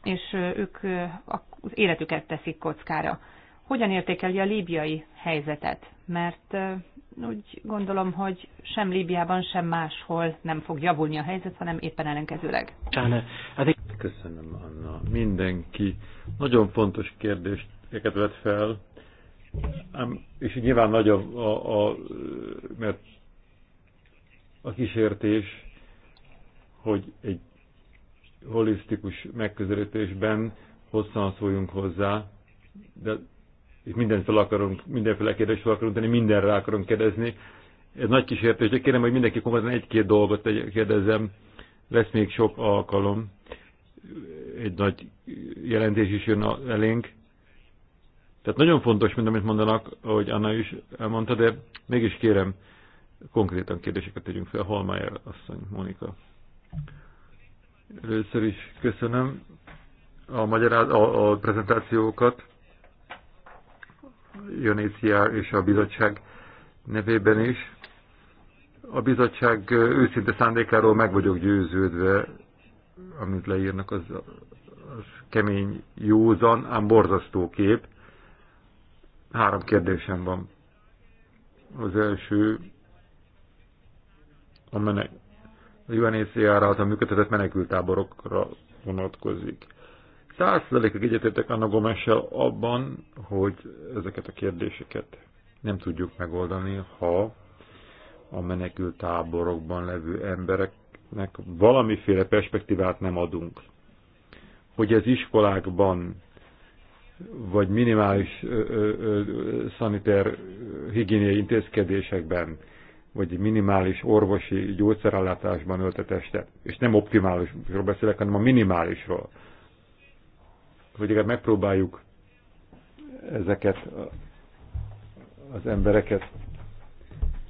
És ők az életüket teszik kockára hogyan értékeli a líbiai helyzetet, mert úgy gondolom, hogy sem Líbiában, sem máshol nem fog javulni a helyzet, hanem éppen ellenkezőleg. Köszönöm, Anna. Mindenki nagyon fontos kérdést vett fel, és nyilván nagy a, a, a, mert a kísértés, hogy egy holisztikus megközelítésben hosszan szóljunk hozzá, de és mindent fel akarunk, mindenféle kérdést fel akarunk tenni, mindenre akarunk kérdezni. Ez nagy kísértés, de kérem, hogy mindenki konkrétan egy-két dolgot kérdezzem. Lesz még sok alkalom. Egy nagy jelentés is jön elénk. Tehát nagyon fontos, mint amit mondanak, ahogy Anna is elmondta, de mégis kérem, konkrétan kérdéseket tegyünk fel. Holmeyer asszony, Mónika. Először is köszönöm a, magyaráz, a, a prezentációkat. UNHCR és a bizottság nevében is. A bizottság őszinte szándékáról meg vagyok győződve, amit leírnak, az, az kemény, józan, ám borzasztó kép. Három kérdésem van. Az első, a, menek, a UNHCR által működtetett menekültáborokra vonatkozik. Százszerzelékig egyetértek Anna Gomessel abban, hogy ezeket a kérdéseket nem tudjuk megoldani, ha a menekült táborokban levő embereknek valamiféle perspektívát nem adunk. Hogy ez iskolákban vagy minimális szanitár higiéniai intézkedésekben, vagy minimális orvosi gyógyszerellátásban öltetestet, és nem optimálisról beszélek, hanem a minimálisról vagy legalább megpróbáljuk ezeket az embereket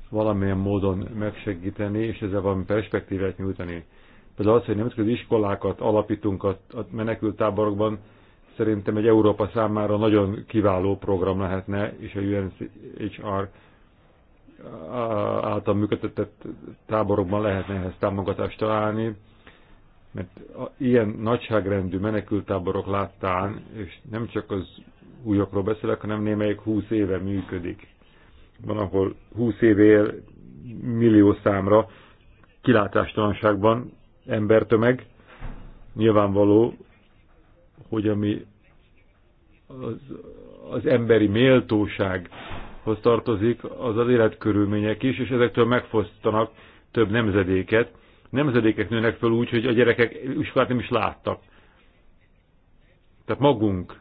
valamilyen módon megsegíteni, és ezzel valami perspektívát nyújtani. Például az, hogy nemzetközi iskolákat alapítunk a, a menekült táborokban, szerintem egy Európa számára nagyon kiváló program lehetne, és a UNHR által működtetett táborokban lehetne ehhez támogatást találni. Mert ilyen nagyságrendű menekültáborok láttán, és nem csak az újakról beszélek, hanem némelyik 20 éve működik. Van, ahol 20 évél millió számra kilátástalanságban embertömeg, nyilvánvaló, hogy ami az, az emberi méltósághoz tartozik, az az életkörülmények is, és ezektől megfosztanak több nemzedéket, nemzedékek nőnek fel úgy, hogy a gyerekek iskolát nem is láttak. Tehát magunk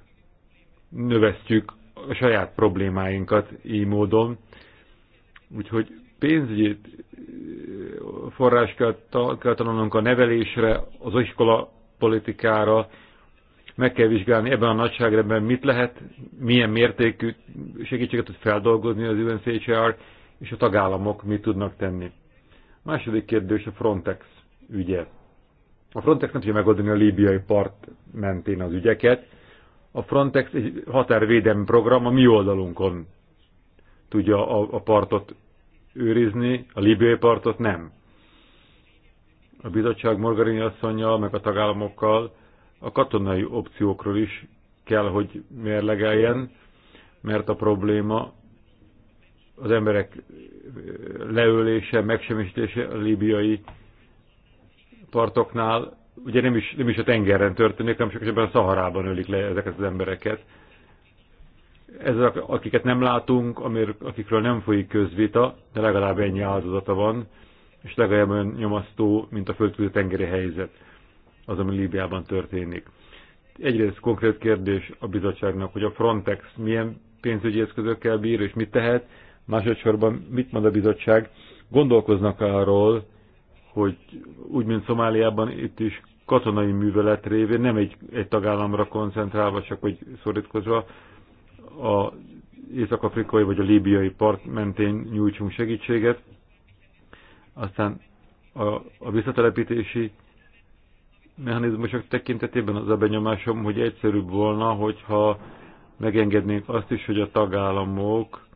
növesztjük a saját problémáinkat így módon. Úgyhogy pénzügyi forrás kell, tanulnunk a nevelésre, az iskola politikára, meg kell vizsgálni ebben a nagyságrendben mit lehet, milyen mértékű segítséget tud feldolgozni az UNCHR, és a tagállamok mit tudnak tenni. Második kérdés a Frontex ügye. A Frontex nem tudja megoldani a líbiai part mentén az ügyeket. A Frontex egy határvédelmi program a mi oldalunkon tudja a, a partot őrizni, a libiai partot nem. A bizottság Morgarini asszonyjal, meg a tagállamokkal a katonai opciókról is kell, hogy mérlegeljen, mert a probléma az emberek leölése, megsemmisítése a líbiai partoknál, ugye nem is, nem is a tengeren történik, hanem csak ebben a Szaharában ölik le ezeket az embereket. Ezek, akiket nem látunk, amir, akikről nem folyik közvita, de legalább ennyi áldozata van, és legalább olyan nyomasztó, mint a földközi tengeri helyzet, az, ami Líbiában történik. Egyrészt konkrét kérdés a bizottságnak, hogy a Frontex milyen pénzügyi eszközökkel bír, és mit tehet, Másodszorban mit mond a bizottság? Gondolkoznak arról, hogy úgy, mint Szomáliában, itt is katonai művelet révén, nem egy, egy tagállamra koncentrálva, csak hogy szorítkozva, a észak-afrikai vagy a líbiai part mentén nyújtsunk segítséget. Aztán a, a visszatelepítési mechanizmusok tekintetében az a benyomásom, hogy egyszerűbb volna, hogyha megengednénk azt is, hogy a tagállamok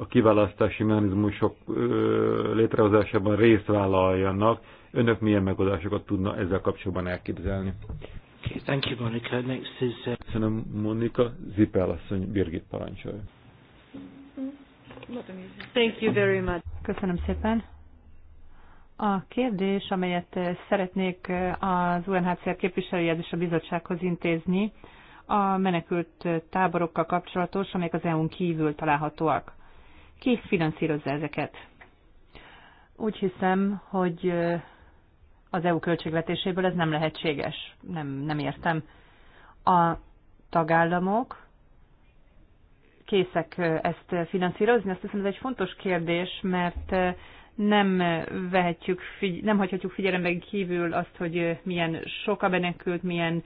a kiválasztási mechanizmusok létrehozásában részt vállaljanak. Önök milyen megoldásokat tudna ezzel kapcsolatban elképzelni? Okay, thank you, Monica. Next is... Uh... Köszönöm, Monika. Zipel asszony, Birgit parancsolja. Thank you very much. Köszönöm szépen. A kérdés, amelyet uh, szeretnék uh, az UNHCR képviselőjéhez és a bizottsághoz intézni, a menekült uh, táborokkal kapcsolatos, amelyek az EU-n kívül találhatóak. Ki finanszírozza ezeket? Úgy hiszem, hogy az EU költségvetéséből ez nem lehetséges. Nem, nem értem. A tagállamok készek ezt finanszírozni? Azt hiszem, ez egy fontos kérdés, mert nem, vehetjük, nem hagyhatjuk figyelembe kívül azt, hogy milyen sok a menekült, milyen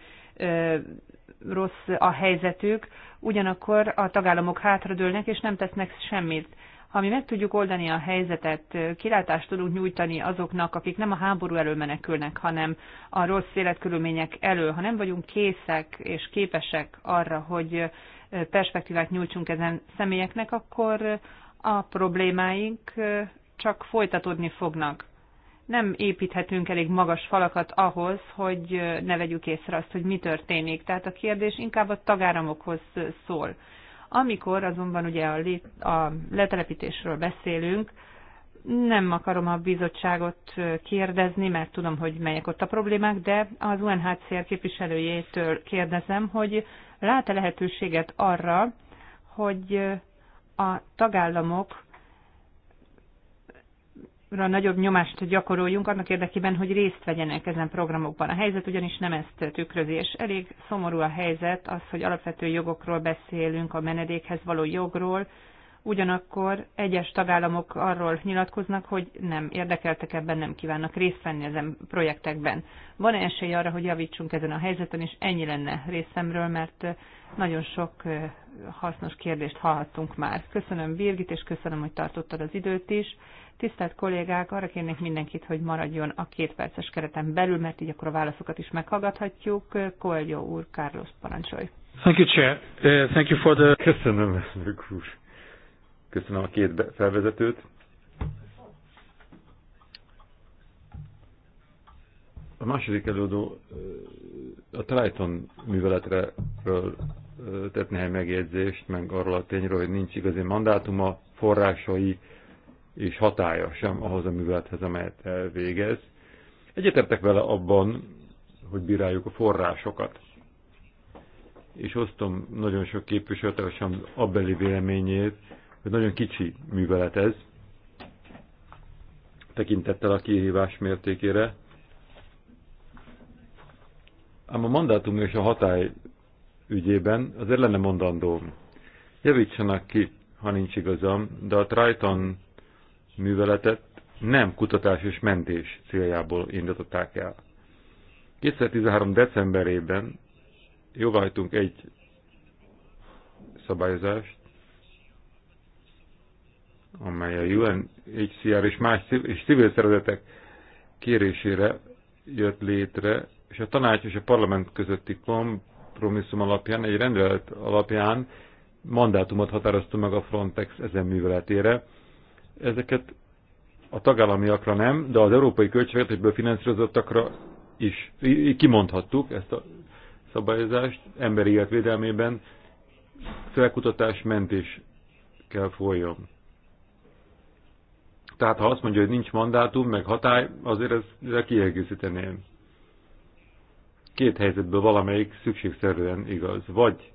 rossz a helyzetük, ugyanakkor a tagállamok hátradőlnek és nem tesznek semmit. Ha mi meg tudjuk oldani a helyzetet, kilátást tudunk nyújtani azoknak, akik nem a háború elől menekülnek, hanem a rossz életkörülmények elől, ha nem vagyunk készek és képesek arra, hogy perspektívát nyújtsunk ezen személyeknek, akkor a problémáink csak folytatódni fognak nem építhetünk elég magas falakat ahhoz, hogy ne vegyük észre azt, hogy mi történik. Tehát a kérdés inkább a tagáramokhoz szól. Amikor azonban ugye a, lé- a letelepítésről beszélünk, nem akarom a bizottságot kérdezni, mert tudom, hogy melyek ott a problémák, de az UNHCR képviselőjétől kérdezem, hogy lát-e lehetőséget arra, hogy a tagállamok nagyobb nyomást gyakoroljunk annak érdekében, hogy részt vegyenek ezen programokban. A helyzet ugyanis nem ezt tükrözi, és elég szomorú a helyzet az, hogy alapvető jogokról beszélünk, a menedékhez való jogról, ugyanakkor egyes tagállamok arról nyilatkoznak, hogy nem érdekeltek ebben, nem kívánnak részt venni ezen projektekben. Van-e esély arra, hogy javítsunk ezen a helyzeten, és ennyi lenne részemről, mert nagyon sok hasznos kérdést hallhattunk már. Köszönöm Birgit, és köszönöm, hogy tartottad az időt is. Tisztelt kollégák, arra kérnék mindenkit, hogy maradjon a két perces kereten belül, mert így akkor a válaszokat is meghallgathatjuk. Koljó úr, Carlos, parancsolj. Thank you, Chair. Uh, thank you for the... Köszönöm, úr. Köszönöm a két felvezetőt. A második előadó uh, a Triton műveletre uh, tett néhány megjegyzést, meg arról a tényről, hogy nincs igazi mandátuma, forrásai, és hatája sem ahhoz a művelethez, amelyet elvégez. Egyetértek vele abban, hogy bíráljuk a forrásokat. És osztom nagyon sok képviselőtársam abbeli véleményét, hogy nagyon kicsi művelet ez, tekintettel a kihívás mértékére. Ám a mandátum és a hatály ügyében azért lenne mondandó. Javítsanak ki, ha nincs igazam, de a Triton műveletet nem kutatás és mentés céljából indították el. 2013. decemberében jóváhagytunk egy szabályozást, amely a UNHCR és más és civil szervezetek kérésére jött létre, és a tanács és a parlament közötti kompromisszum alapján, egy rendelet alapján mandátumot határoztunk meg a Frontex ezen műveletére, ezeket a tagállamiakra nem, de az európai költségvetésből finanszírozottakra is kimondhattuk ezt a szabályozást emberi életvédelmében, felkutatás mentés kell folyjon. Tehát ha azt mondja, hogy nincs mandátum, meg hatály, azért ezt kiegészíteném. Két helyzetből valamelyik szükségszerűen igaz. Vagy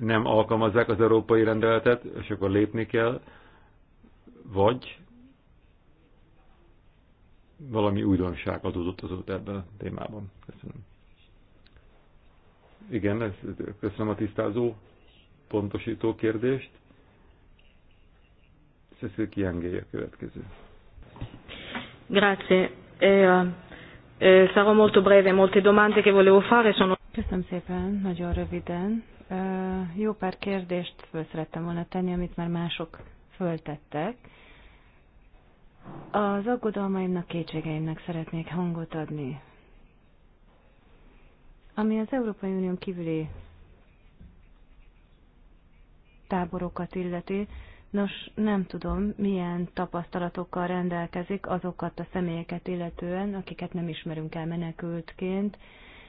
nem alkalmazzák az európai rendeletet, és akkor lépni kell, vagy valami újdonság adódott ott ebben a témában. Köszönöm. Igen, ez, köszönöm a tisztázó, pontosító kérdést. Cecil kiengélye a következő. Grazie. Eh, eh, sarò molto breve, molte domande che volevo fare sono... Köszönöm szépen, nagyon röviden jó pár kérdést föl szerettem volna tenni, amit már mások föltettek. Az aggodalmaimnak, kétségeimnek szeretnék hangot adni. Ami az Európai Unión kívüli táborokat illeti, nos, nem tudom, milyen tapasztalatokkal rendelkezik azokat a személyeket illetően, akiket nem ismerünk el menekültként,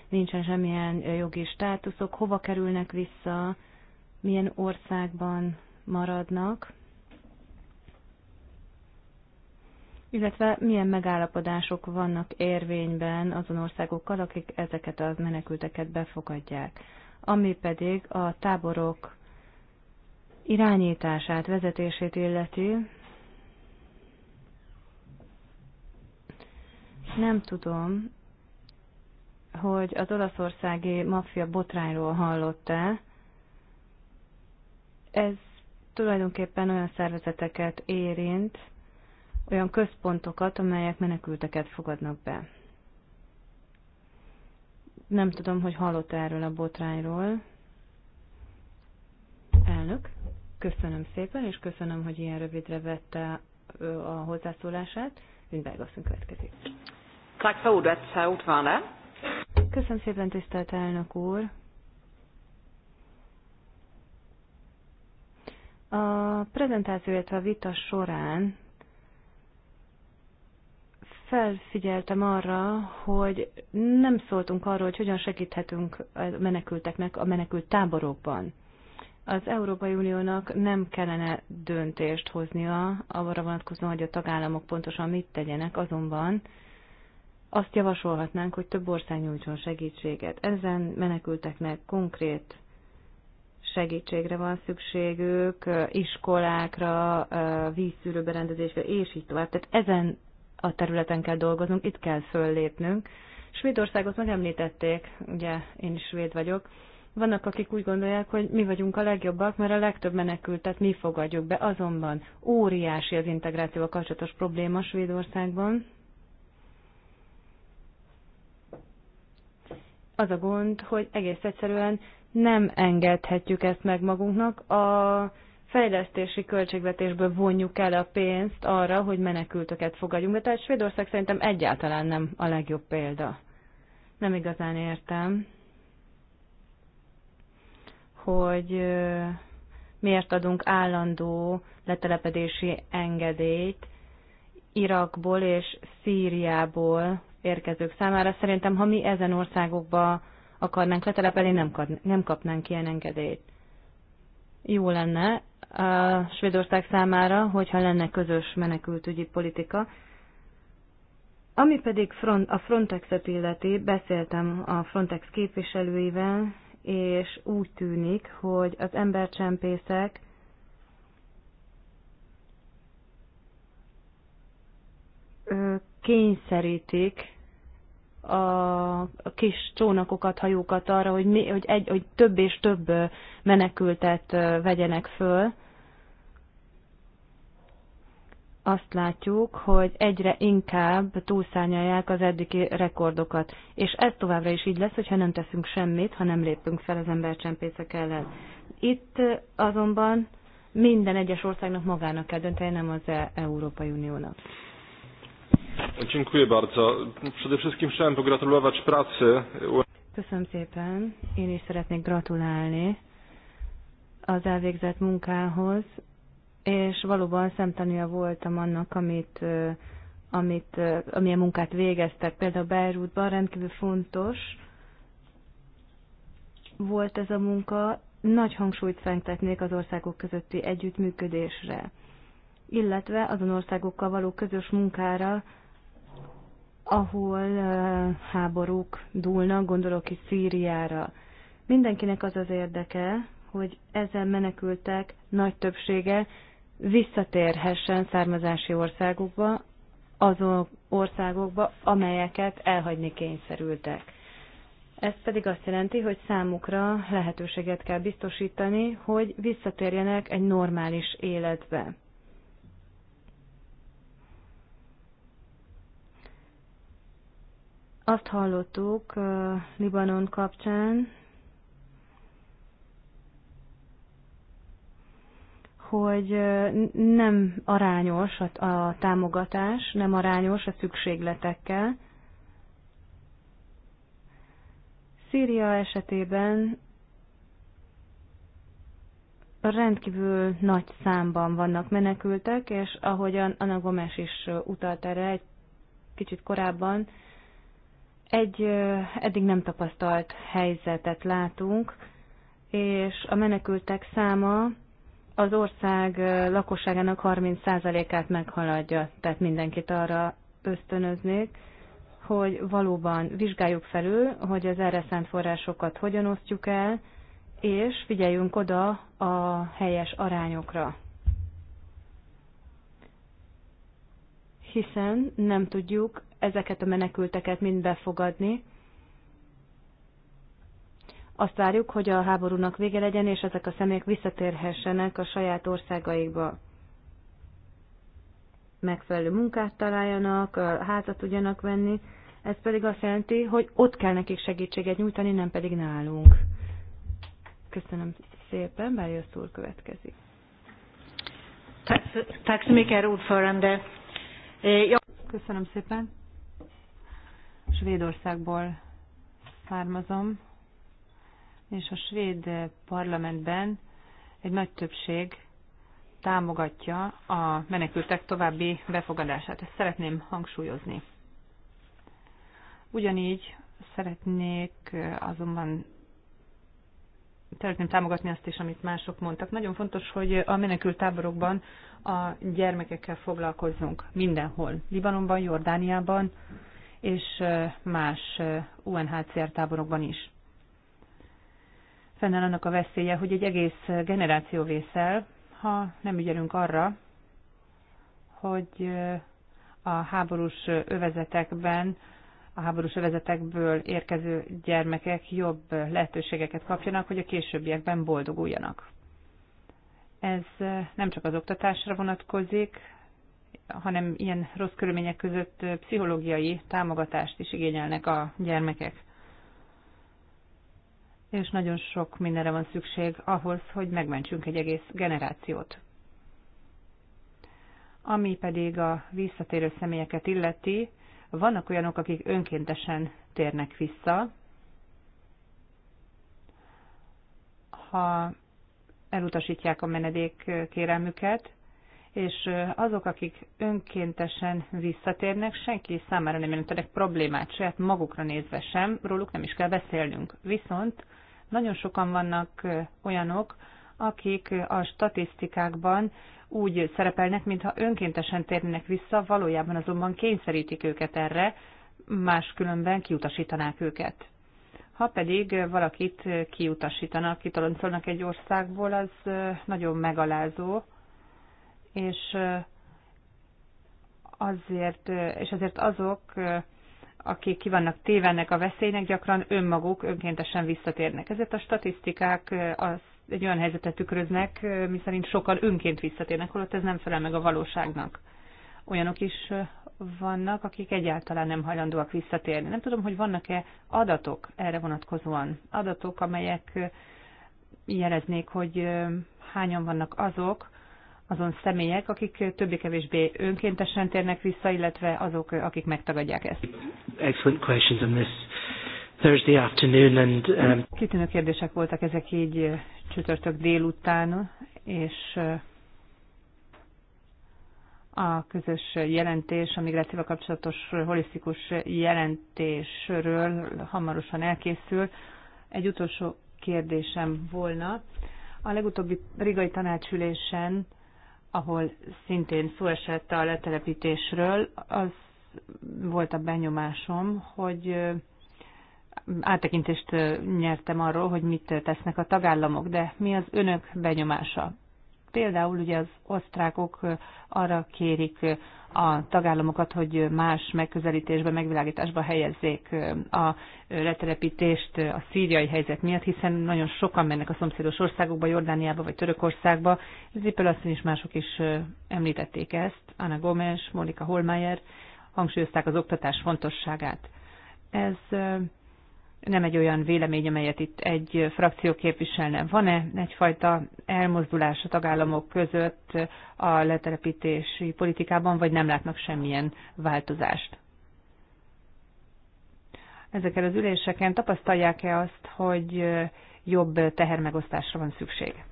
nincsen semmilyen jogi státuszok, hova kerülnek vissza, milyen országban maradnak, illetve milyen megállapodások vannak érvényben azon országokkal, akik ezeket az menekülteket befogadják. Ami pedig a táborok irányítását, vezetését illeti, nem tudom, hogy az olaszországi maffia botrányról hallott-e. Ez tulajdonképpen olyan szervezeteket érint, olyan központokat, amelyek menekülteket fogadnak be. Nem tudom, hogy hallott erről a botrányról. Elnök, köszönöm szépen, és köszönöm, hogy ilyen rövidre vette a hozzászólását. Ünnberg asszony következik. Tack för ordet, herr ordförande. Köszönöm szépen, tisztelt elnök úr! A prezentáció, illetve a vita során felfigyeltem arra, hogy nem szóltunk arról, hogy hogyan segíthetünk a menekülteknek a menekült táborokban. Az Európai Uniónak nem kellene döntést hoznia arra vonatkozóan, hogy a tagállamok pontosan mit tegyenek, azonban azt javasolhatnánk, hogy több ország nyújtson segítséget. Ezen menekülteknek konkrét segítségre van szükségük, iskolákra, vízszűrőberendezésre, és így tovább. Tehát ezen a területen kell dolgoznunk, itt kell föllépnünk. Svédországot megemlítették, ugye én is svéd vagyok, vannak, akik úgy gondolják, hogy mi vagyunk a legjobbak, mert a legtöbb menekültet mi fogadjuk be. Azonban óriási az integrációval kapcsolatos probléma Svédországban, Az a gond, hogy egész egyszerűen nem engedhetjük ezt meg magunknak. A fejlesztési költségvetésből vonjuk el a pénzt arra, hogy menekültöket fogadjunk be. Tehát Svédország szerintem egyáltalán nem a legjobb példa. Nem igazán értem, hogy miért adunk állandó letelepedési engedélyt Irakból és Szíriából érkezők számára. Szerintem, ha mi ezen országokba akarnánk letelepelni, nem, nem kapnánk ilyen engedélyt. Jó lenne a uh, Svédország számára, hogyha lenne közös menekültügyi politika. Ami pedig front, a Frontex-et illeti, beszéltem a Frontex képviselőivel, és úgy tűnik, hogy az embercsempészek kényszerítik a kis csónakokat, hajókat arra, hogy, mi, hogy, egy, hogy több és több menekültet vegyenek föl. Azt látjuk, hogy egyre inkább túlszányalják az eddigi rekordokat. És ez továbbra is így lesz, hogyha nem teszünk semmit, ha nem lépünk fel az embercsempészek ellen. Itt azonban minden egyes országnak magának kell dönteni, nem az e- Európai Uniónak. Dziękuję bardzo. Przede wszystkim chciałem pogratulować pracy. Köszönöm szépen. Én is szeretnék gratulálni az elvégzett munkához, és valóban szemtanúja voltam annak, amit, amit, amilyen munkát végeztek. Például Beirutban rendkívül fontos volt ez a munka. Nagy hangsúlyt fektetnék az országok közötti együttműködésre, illetve azon országokkal való közös munkára, ahol háborúk dúlnak, gondolok itt Szíriára. Mindenkinek az az érdeke, hogy ezen menekültek nagy többsége visszatérhessen származási országukba, azon országokba, amelyeket elhagyni kényszerültek. Ez pedig azt jelenti, hogy számukra lehetőséget kell biztosítani, hogy visszatérjenek egy normális életbe. Azt hallottuk Libanon kapcsán, hogy nem arányos a, a támogatás, nem arányos a szükségletekkel. Szíria esetében rendkívül nagy számban vannak menekültek, és ahogyan Anna Gomes is utalt erre egy kicsit korábban, egy eddig nem tapasztalt helyzetet látunk, és a menekültek száma az ország lakosságának 30%-át meghaladja, tehát mindenkit arra ösztönöznék, hogy valóban vizsgáljuk felül, hogy az erre szánt forrásokat hogyan osztjuk el, és figyeljünk oda a helyes arányokra. Hiszen nem tudjuk ezeket a menekülteket mind befogadni. Azt várjuk, hogy a háborúnak vége legyen, és ezek a személyek visszatérhessenek a saját országaikba. Megfelelő munkát találjanak, házat tudjanak venni. Ez pedig azt jelenti, hogy ott kell nekik segítséget nyújtani, nem pedig nálunk. Köszönöm szépen, Bárja Szúr következik. Eh, Köszönöm szépen. Svédországból származom, és a svéd parlamentben egy nagy többség támogatja a menekültek további befogadását. Ezt szeretném hangsúlyozni. Ugyanígy szeretnék eh, azonban szeretném támogatni azt is, amit mások mondtak. Nagyon fontos, hogy a menekült táborokban a gyermekekkel foglalkozzunk mindenhol. Libanonban, Jordániában, és más UNHCR táborokban is. Fennáll annak a veszélye, hogy egy egész generáció vészel, ha nem ügyelünk arra, hogy a háborús övezetekben, a háborús övezetekből érkező gyermekek jobb lehetőségeket kapjanak, hogy a későbbiekben boldoguljanak. Ez nem csak az oktatásra vonatkozik, hanem ilyen rossz körülmények között pszichológiai támogatást is igényelnek a gyermekek. És nagyon sok mindenre van szükség ahhoz, hogy megmentsünk egy egész generációt. Ami pedig a visszatérő személyeket illeti, vannak olyanok, akik önkéntesen térnek vissza. Ha elutasítják a menedék kérelmüket, és azok, akik önkéntesen visszatérnek, senki számára nem jelentenek problémát, saját magukra nézve sem, róluk nem is kell beszélnünk. Viszont nagyon sokan vannak olyanok, akik a statisztikákban úgy szerepelnek, mintha önkéntesen térnének vissza, valójában azonban kényszerítik őket erre, máskülönben kiutasítanák őket. Ha pedig valakit kiutasítanak, kitoloncolnak egy országból, az nagyon megalázó, és azért, és azért azok, akik ki vannak tévennek a veszélynek, gyakran önmaguk önkéntesen visszatérnek. Ezért a statisztikák az egy olyan helyzetet tükröznek, miszerint sokan önként visszatérnek, holott ez nem felel meg a valóságnak. Olyanok is vannak, akik egyáltalán nem hajlandóak visszatérni. Nem tudom, hogy vannak-e adatok erre vonatkozóan. Adatok, amelyek jeleznék, hogy hányan vannak azok, azon személyek, akik többé-kevésbé önkéntesen térnek vissza, illetve azok, akik megtagadják ezt. Excellent questions on this Thursday afternoon and, um... Kitűnő kérdések voltak ezek így eh, csütörtök délután, és eh, a közös jelentés, a migrációval kapcsolatos holisztikus jelentésről hamarosan elkészül. Egy utolsó kérdésem volna. A legutóbbi rigai tanácsülésen ahol szintén szó esett a letelepítésről, az volt a benyomásom, hogy áttekintést nyertem arról, hogy mit tesznek a tagállamok, de mi az önök benyomása? Például ugye az osztrákok arra kérik a tagállamokat, hogy más megközelítésbe, megvilágításba helyezzék a letelepítést a szíriai helyzet miatt, hiszen nagyon sokan mennek a szomszédos országokba, Jordániába vagy Törökországba. Zippel azt is mások is említették ezt, Anna Gomes, Monika Holmeyer hangsúlyozták az oktatás fontosságát. Ez nem egy olyan vélemény, amelyet itt egy frakció képviselne. Van-e egyfajta elmozdulás a tagállamok között a letelepítési politikában, vagy nem látnak semmilyen változást? Ezeken az üléseken tapasztalják-e azt, hogy jobb tehermegosztásra van szükség?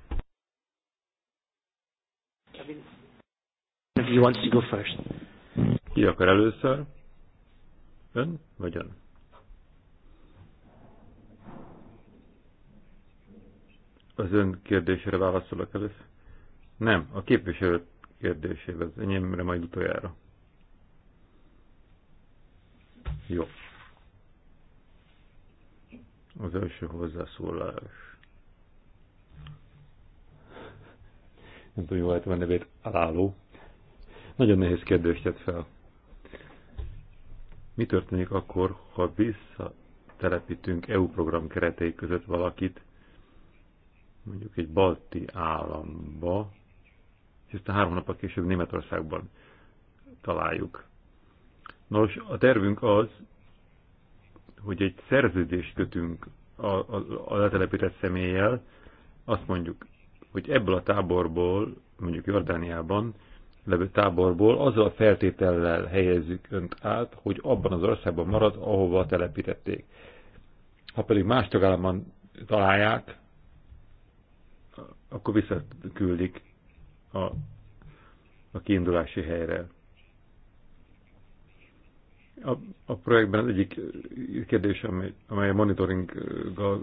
Ki akar először? Ön vagy ön? Az ön kérdésére válaszolok először. Nem, a képviselő kérdésére, az enyémre majd utoljára. Jó. Az első hozzászólás. nem tudom, jól a nevét, alálló. Nagyon nehéz kérdést tett fel. Mi történik akkor, ha visszatelepítünk EU program keretei között valakit mondjuk egy balti államba, és aztán három napok később Németországban találjuk. Nos, a tervünk az, hogy egy szerződést kötünk a, a, a letelepített személlyel, azt mondjuk, hogy ebből a táborból, mondjuk Jordániában levő táborból, azzal a feltétellel helyezzük önt át, hogy abban az országban marad, ahova telepítették. Ha pedig más tagállamban találják, akkor visszaküldik a, a kiindulási helyre. A, a projektben az egyik kérdés, amely, amely a monitoringgal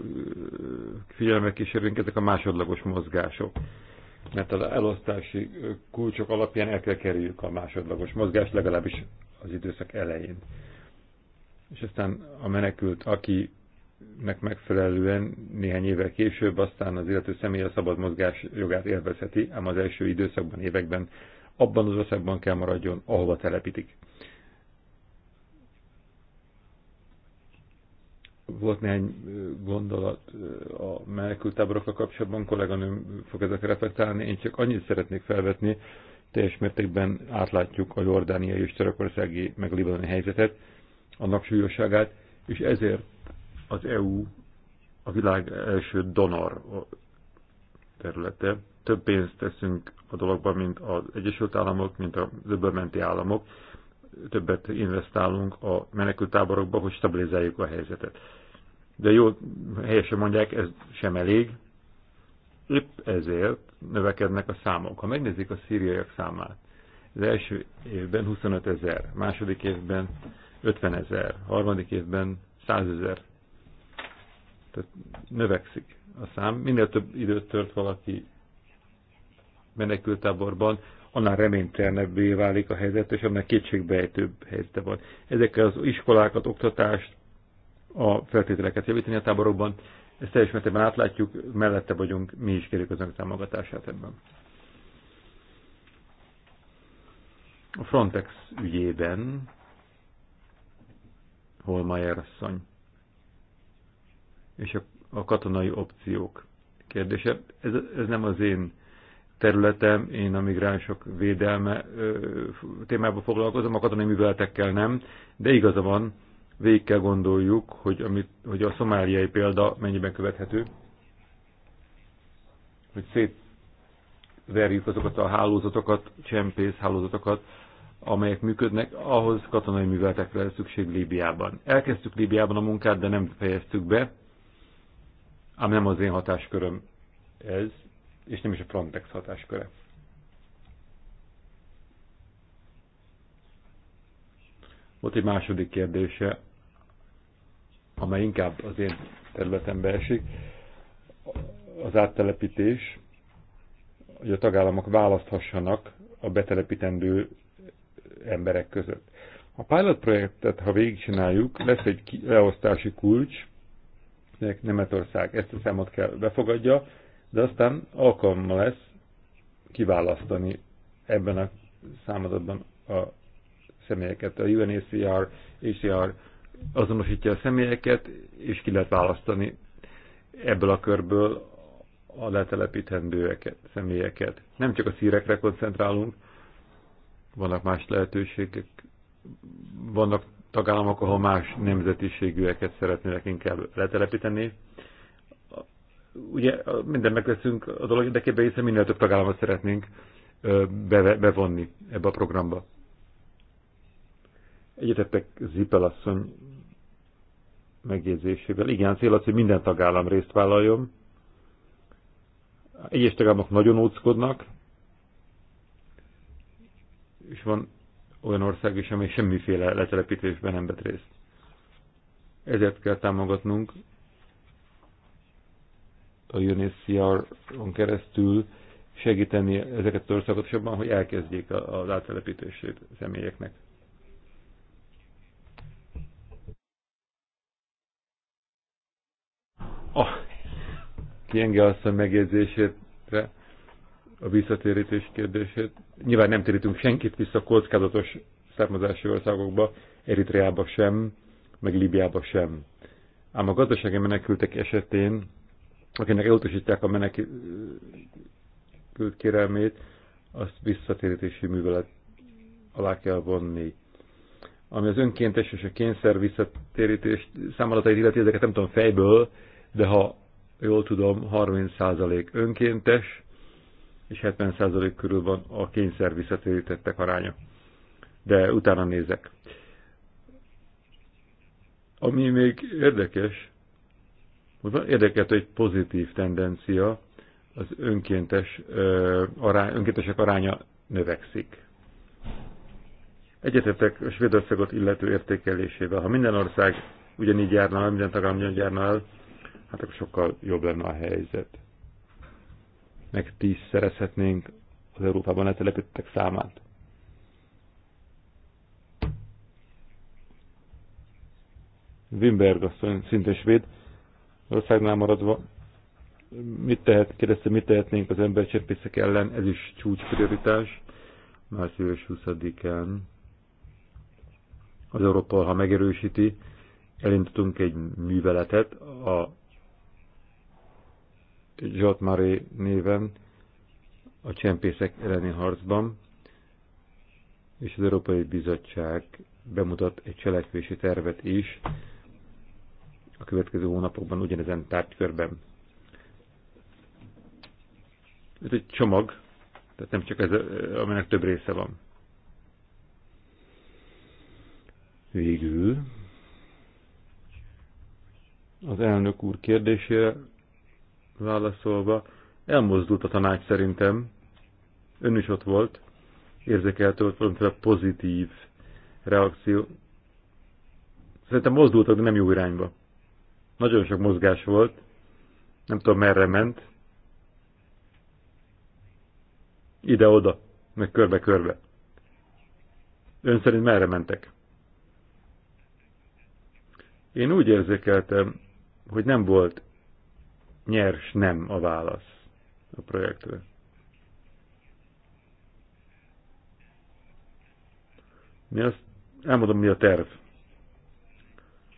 figyelemmel kísérünk, ezek a másodlagos mozgások. Mert az elosztási kulcsok alapján el kell kerüljük a másodlagos mozgást, legalábbis az időszak elején. És aztán a menekült, aki meg megfelelően néhány évvel később aztán az illető személy a szabad mozgás jogát élvezheti, ám az első időszakban, években abban az országban kell maradjon, ahova telepítik. Volt néhány gondolat a menekültáborokkal kapcsolatban, kolléganőm fog ezekre reflektálni, én csak annyit szeretnék felvetni, teljes mértékben átlátjuk a jordániai és törökországi meg libanoni helyzetet, annak súlyosságát, és ezért az EU a világ első donor területe. Több pénzt teszünk a dologba, mint az Egyesült Államok, mint a öbölmenti államok. Többet investálunk a menekültáborokba, hogy stabilizáljuk a helyzetet. De jó, helyesen mondják, ez sem elég. Épp ezért növekednek a számok. Ha megnézik a szíriaiak számát, az első évben 25 ezer, második évben 50 ezer, harmadik évben 100 ezer tehát növekszik a szám. Minél több időt tört valaki menekültáborban, annál reménytelenebbé válik a helyzet, és annál kétségbejtőbb helyzete van. Ezekkel az iskolákat, oktatást, a feltételeket javítani a táborokban, ezt teljes mértékben átlátjuk, mellette vagyunk, mi is kérjük az önök támogatását ebben. A Frontex ügyében Holmeyer asszony és a, a katonai opciók kérdése. Ez, ez nem az én területem, én a migránsok védelme ö, témába foglalkozom, a katonai műveletekkel nem, de igaza van, végig kell gondoljuk, hogy, amit, hogy a szomáliai példa mennyiben követhető, hogy szétverjük azokat a hálózatokat, csempész hálózatokat, amelyek működnek, ahhoz katonai műveletekre szükség Líbiában. Elkezdtük Líbiában a munkát, de nem fejeztük be, Ám nem az én hatásköröm ez, és nem is a Frontex hatásköre. Volt egy második kérdése, amely inkább az én területembe esik, az áttelepítés, hogy a tagállamok választhassanak a betelepítendő emberek között. A pilot projektet, ha végigcsináljuk, lesz egy leosztási kulcs, lesznek, Németország ezt a számot kell befogadja, de aztán alkalma lesz kiválasztani ebben a számadatban a személyeket. A UNHCR, ACR azonosítja a személyeket, és ki lehet választani ebből a körből a letelepítendőeket, személyeket. Nem csak a szírekre koncentrálunk, vannak más lehetőségek, vannak tagállamok, ahol más nemzetiségűeket szeretnének inkább letelepíteni. Ugye minden megveszünk a dolog érdekében, hiszen minél több tagállamot szeretnénk bevonni ebbe a programba. Egyetettek Zipel asszony megjegyzésével. Igen, cél az, hogy minden tagállam részt vállaljon. Egyes tagállamok nagyon óckodnak, és van olyan ország is, amely semmiféle letelepítésben nem vett részt. Ezért kell támogatnunk a UNHCR-on keresztül segíteni ezeket az országokat is abban, hogy elkezdjék az áttelepítését személyeknek. A ah, Kienge asszony megjegyzésétre a visszatérítés kérdését. Nyilván nem térítünk senkit vissza kockázatos származási országokba, Eritreába sem, meg Libiába sem. Ám a gazdasági menekültek esetén, akinek elutasítják a menekült kérelmét, azt visszatérítési művelet alá kell vonni. Ami az önkéntes és a kényszer visszatérítés számadatait illeti, ezeket nem tudom fejből, de ha jól tudom, 30% önkéntes, és 70% körül van a kényszer visszatérítettek aránya. De utána nézek. Ami még érdekes, hogy van érdekelt egy pozitív tendencia, az önkéntes, ö, arány, önkéntesek aránya növekszik. Egyetetek a Svédországot illető értékelésével. Ha minden ország ugyanígy járna el, minden tagállam ugyanígy járna el, hát akkor sokkal jobb lenne a helyzet meg tízszerezhetnénk az Európában letelepítettek számát. Wimberg asszony, szintén svéd, országnál maradva, mit tehet, kérdezte, mit tehetnénk az embercsempészek ellen, ez is csúcs prioritás, március 20-án. Az Európa, ha megerősíti, elindítunk egy műveletet a Zsatmári néven a csempészek elleni harcban, és az Európai Bizottság bemutat egy cselekvési tervet is a következő hónapokban ugyanezen tárgykörben. Ez egy csomag, tehát nem csak ez, aminek több része van. Végül az elnök úr kérdésére válaszolva, elmozdult a tanács szerintem, ön is ott volt, érzékelte ott valamiféle pozitív reakció. Szerintem mozdultak, de nem jó irányba. Nagyon sok mozgás volt, nem tudom merre ment. Ide-oda, meg körbe-körbe. Ön szerint merre mentek? Én úgy érzékeltem, hogy nem volt nyers nem a válasz a projektre. Mi azt elmondom, mi a terv.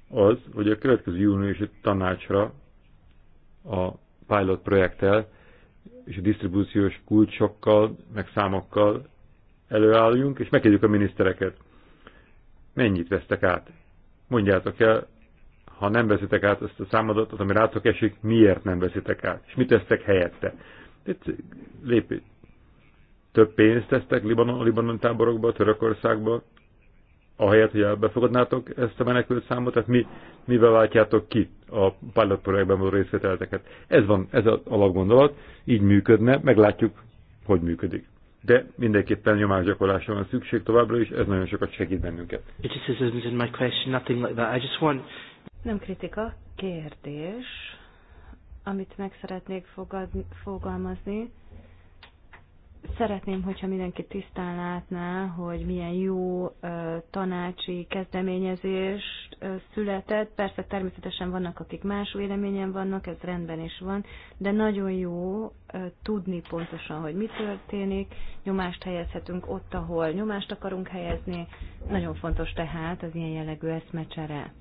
Az, hogy a következő júniusi tanácsra a pilot projekttel és a disztribúciós kulcsokkal, meg számokkal előálljunk, és megkérjük a minisztereket. Mennyit vesztek át? Mondjátok el, ha nem veszitek át ezt a számadatot, ami rátok esik, miért nem veszitek át? És mit tesztek helyette? Itt lép. Több pénzt tesztek Libanon, a Libanon táborokba, Törökországba, ahelyett, hogy elbefogadnátok ezt a menekült számot, tehát mi, mivel váltjátok ki a pilot projektben való részvételeteket. Ez van, ez az alapgondolat, így működne, meglátjuk, hogy működik. De mindenképpen nyomásgyakorlásra van szükség továbbra is, ez nagyon sokat segít bennünket. It just isn't my question, nothing like that. I just want nem kritika, kérdés, amit meg szeretnék fogadni, fogalmazni. Szeretném, hogyha mindenki tisztán látná, hogy milyen jó ö, tanácsi kezdeményezés ö, született. Persze természetesen vannak, akik más véleményen vannak, ez rendben is van, de nagyon jó ö, tudni pontosan, hogy mi történik. Nyomást helyezhetünk ott, ahol nyomást akarunk helyezni. Nagyon fontos tehát az ilyen jellegű eszmecsere.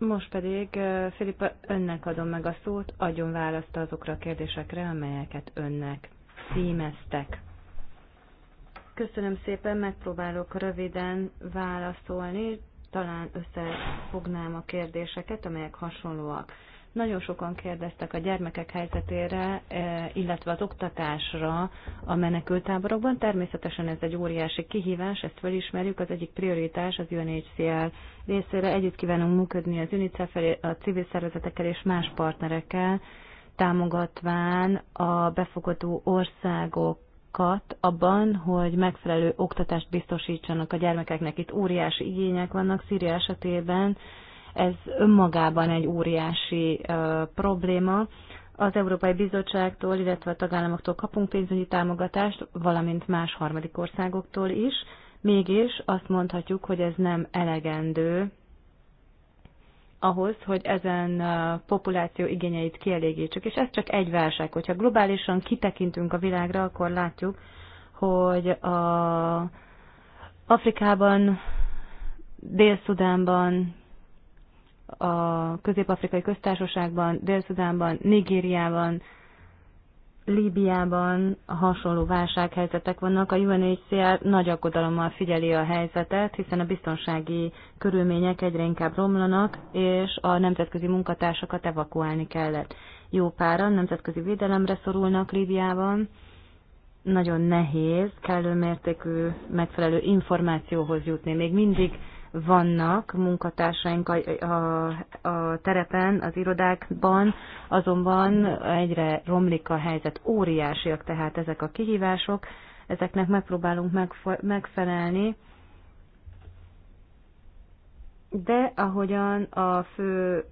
Most pedig, eh, Filipa, önnek adom meg a szót, adjon választ azokra a kérdésekre, amelyeket önnek címeztek. Köszönöm szépen, megpróbálok röviden válaszolni, talán összefognám a kérdéseket, amelyek hasonlóak. Nagyon sokan kérdeztek a gyermekek helyzetére, eh, illetve az oktatásra a menekültáborokban. Természetesen ez egy óriási kihívás, ezt felismerjük, az egyik prioritás az UNHCR részére. Együtt kívánunk működni az UNICEF, a civil szervezetekkel és más partnerekkel, támogatván a befogadó országok abban, hogy megfelelő oktatást biztosítsanak a gyermekeknek. Itt óriási igények vannak Szíria esetében, ez önmagában egy óriási probléma. Az Európai Bizottságtól, illetve a tagállamoktól kapunk pénzügyi támogatást, valamint más harmadik országoktól is. Mégis azt mondhatjuk, hogy ez nem elegendő ahhoz, hogy ezen populáció igényeit kielégítsük. És ez csak egy válság. Hogyha globálisan kitekintünk a világra, akkor látjuk, hogy a Afrikában, Dél-Szudánban, a Közép-Afrikai Köztársaságban, Dél-Szudánban, Nigériában, Líbiában hasonló válsághelyzetek vannak. A UNHCR nagy aggodalommal figyeli a helyzetet, hiszen a biztonsági körülmények egyre inkább romlanak, és a nemzetközi munkatársakat evakuálni kellett. Jó páran nemzetközi védelemre szorulnak Líbiában. Nagyon nehéz, kellő mértékű, megfelelő információhoz jutni. Még mindig vannak munkatársaink a, a, a terepen, az irodákban, azonban egyre romlik a helyzet. Óriásiak tehát ezek a kihívások, ezeknek megpróbálunk megfelelni. De ahogyan a fő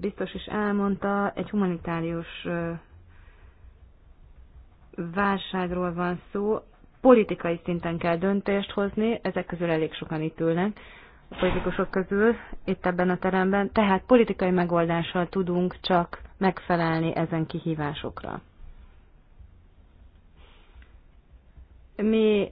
biztos is elmondta, egy humanitárius válságról van szó, politikai szinten kell döntést hozni, ezek közül elég sokan itt ülnek, a politikusok közül itt ebben a teremben, tehát politikai megoldással tudunk csak megfelelni ezen kihívásokra. Mi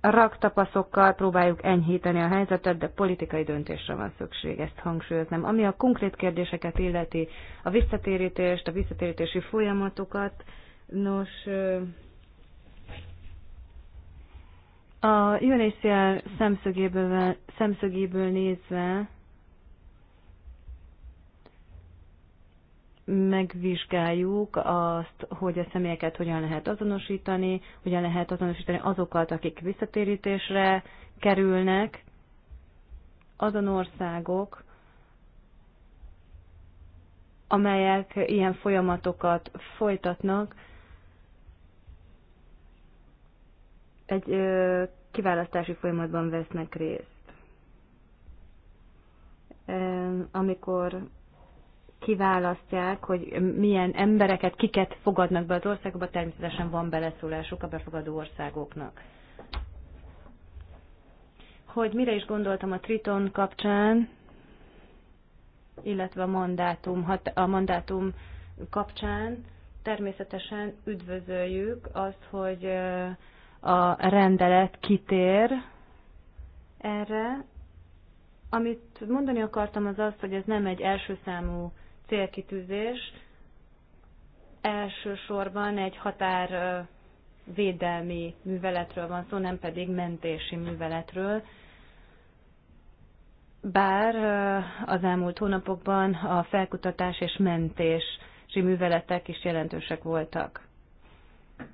raktapaszokkal próbáljuk enyhíteni a helyzetet, de politikai döntésre van szükség, ezt hangsúlyoznám. Ami a konkrét kérdéseket illeti, a visszatérítést, a visszatérítési folyamatokat, nos, a UNHCR szemszögéből, szemszögéből nézve megvizsgáljuk azt, hogy a személyeket hogyan lehet azonosítani, hogyan lehet azonosítani azokat, akik visszatérítésre kerülnek, azon országok, amelyek ilyen folyamatokat folytatnak, egy ö, kiválasztási folyamatban vesznek részt. E, amikor kiválasztják, hogy milyen embereket, kiket fogadnak be az országokba természetesen van beleszólásuk a befogadó országoknak. Hogy mire is gondoltam a Triton kapcsán, illetve a mandátum, a mandátum kapcsán, természetesen üdvözöljük azt, hogy a rendelet kitér erre. Amit mondani akartam az az, hogy ez nem egy első számú célkitűzés, elsősorban egy határ védelmi műveletről van szó, nem pedig mentési műveletről. Bár az elmúlt hónapokban a felkutatás és mentési műveletek is jelentősek voltak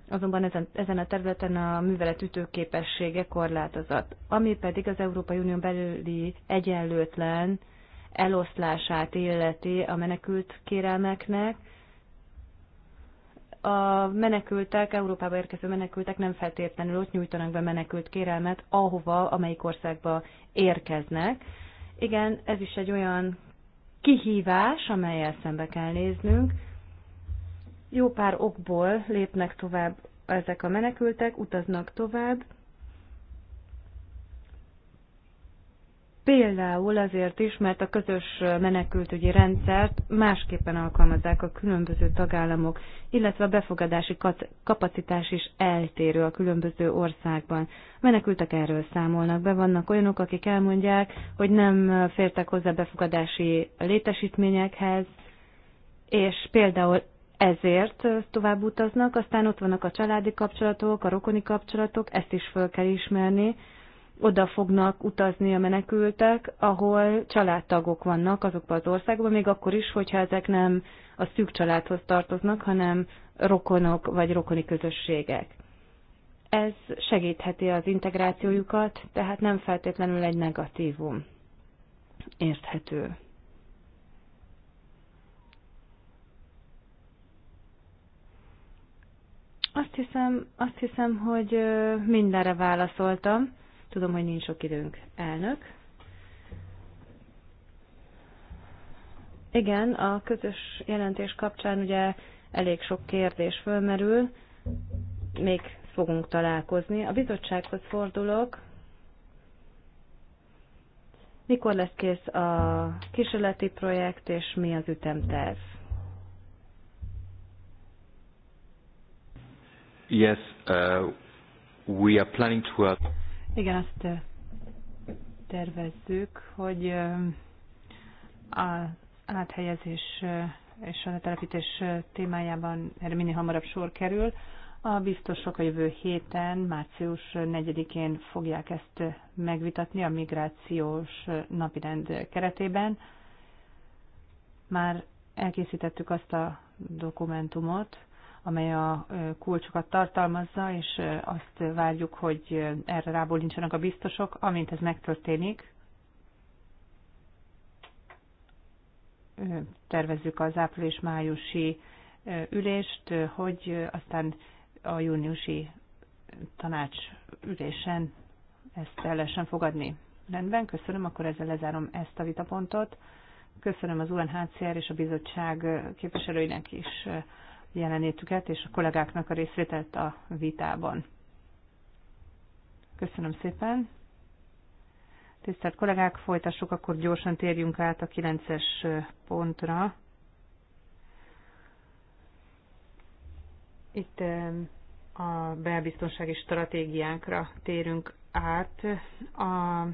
azonban ezen, ezen a területen a művelet ütőképessége korlátozott, ami pedig az Európai Unió belüli egyenlőtlen eloszlását illeti a menekült kérelmeknek. A menekültek, Európába érkező menekültek nem feltétlenül ott nyújtanak be menekült kérelmet, ahova, amelyik országba érkeznek. Igen, ez is egy olyan kihívás, amelyel szembe kell néznünk, jó pár okból lépnek tovább ezek a menekültek, utaznak tovább. Például azért is, mert a közös menekültügyi rendszert másképpen alkalmazzák a különböző tagállamok, illetve a befogadási kapacitás is eltérő a különböző országban. Menekültek erről számolnak be, vannak olyanok, akik elmondják, hogy nem fértek hozzá befogadási létesítményekhez, és például ezért tovább utaznak, aztán ott vannak a családi kapcsolatok, a rokoni kapcsolatok, ezt is föl kell ismerni. Oda fognak utazni a menekültek, ahol családtagok vannak azokban az országokban, még akkor is, hogyha ezek nem a szűk családhoz tartoznak, hanem rokonok vagy rokoni közösségek. Ez segítheti az integrációjukat, tehát nem feltétlenül egy negatívum. Érthető. Azt hiszem, azt hiszem, hogy mindenre válaszoltam. Tudom, hogy nincs sok időnk, elnök. Igen, a közös jelentés kapcsán ugye elég sok kérdés fölmerül, még fogunk találkozni. A bizottsághoz fordulok. Mikor lesz kész a kísérleti projekt, és mi az ütemterv? Yes, uh, we are planning to... Have... Igen, azt uh, tervezzük, hogy um, az áthelyezés uh, és a telepítés uh, témájában erre minél hamarabb sor kerül. A biztosok a jövő héten, március 4-én fogják ezt megvitatni a migrációs napirend keretében. Már elkészítettük azt a dokumentumot, amely a kulcsokat tartalmazza, és azt várjuk, hogy erre nincsenek a biztosok, amint ez megtörténik. Tervezzük az április-májusi ülést, hogy aztán a júniusi tanács ülésen ezt el lehessen fogadni. Rendben, köszönöm, akkor ezzel lezárom ezt a vitapontot. Köszönöm az UNHCR és a bizottság képviselőinek is jelenétüket és a kollégáknak a részvételt a vitában. Köszönöm szépen. Tisztelt kollégák, folytassuk, akkor gyorsan térjünk át a 9-es pontra. Itt a belbiztonsági stratégiánkra térünk át. A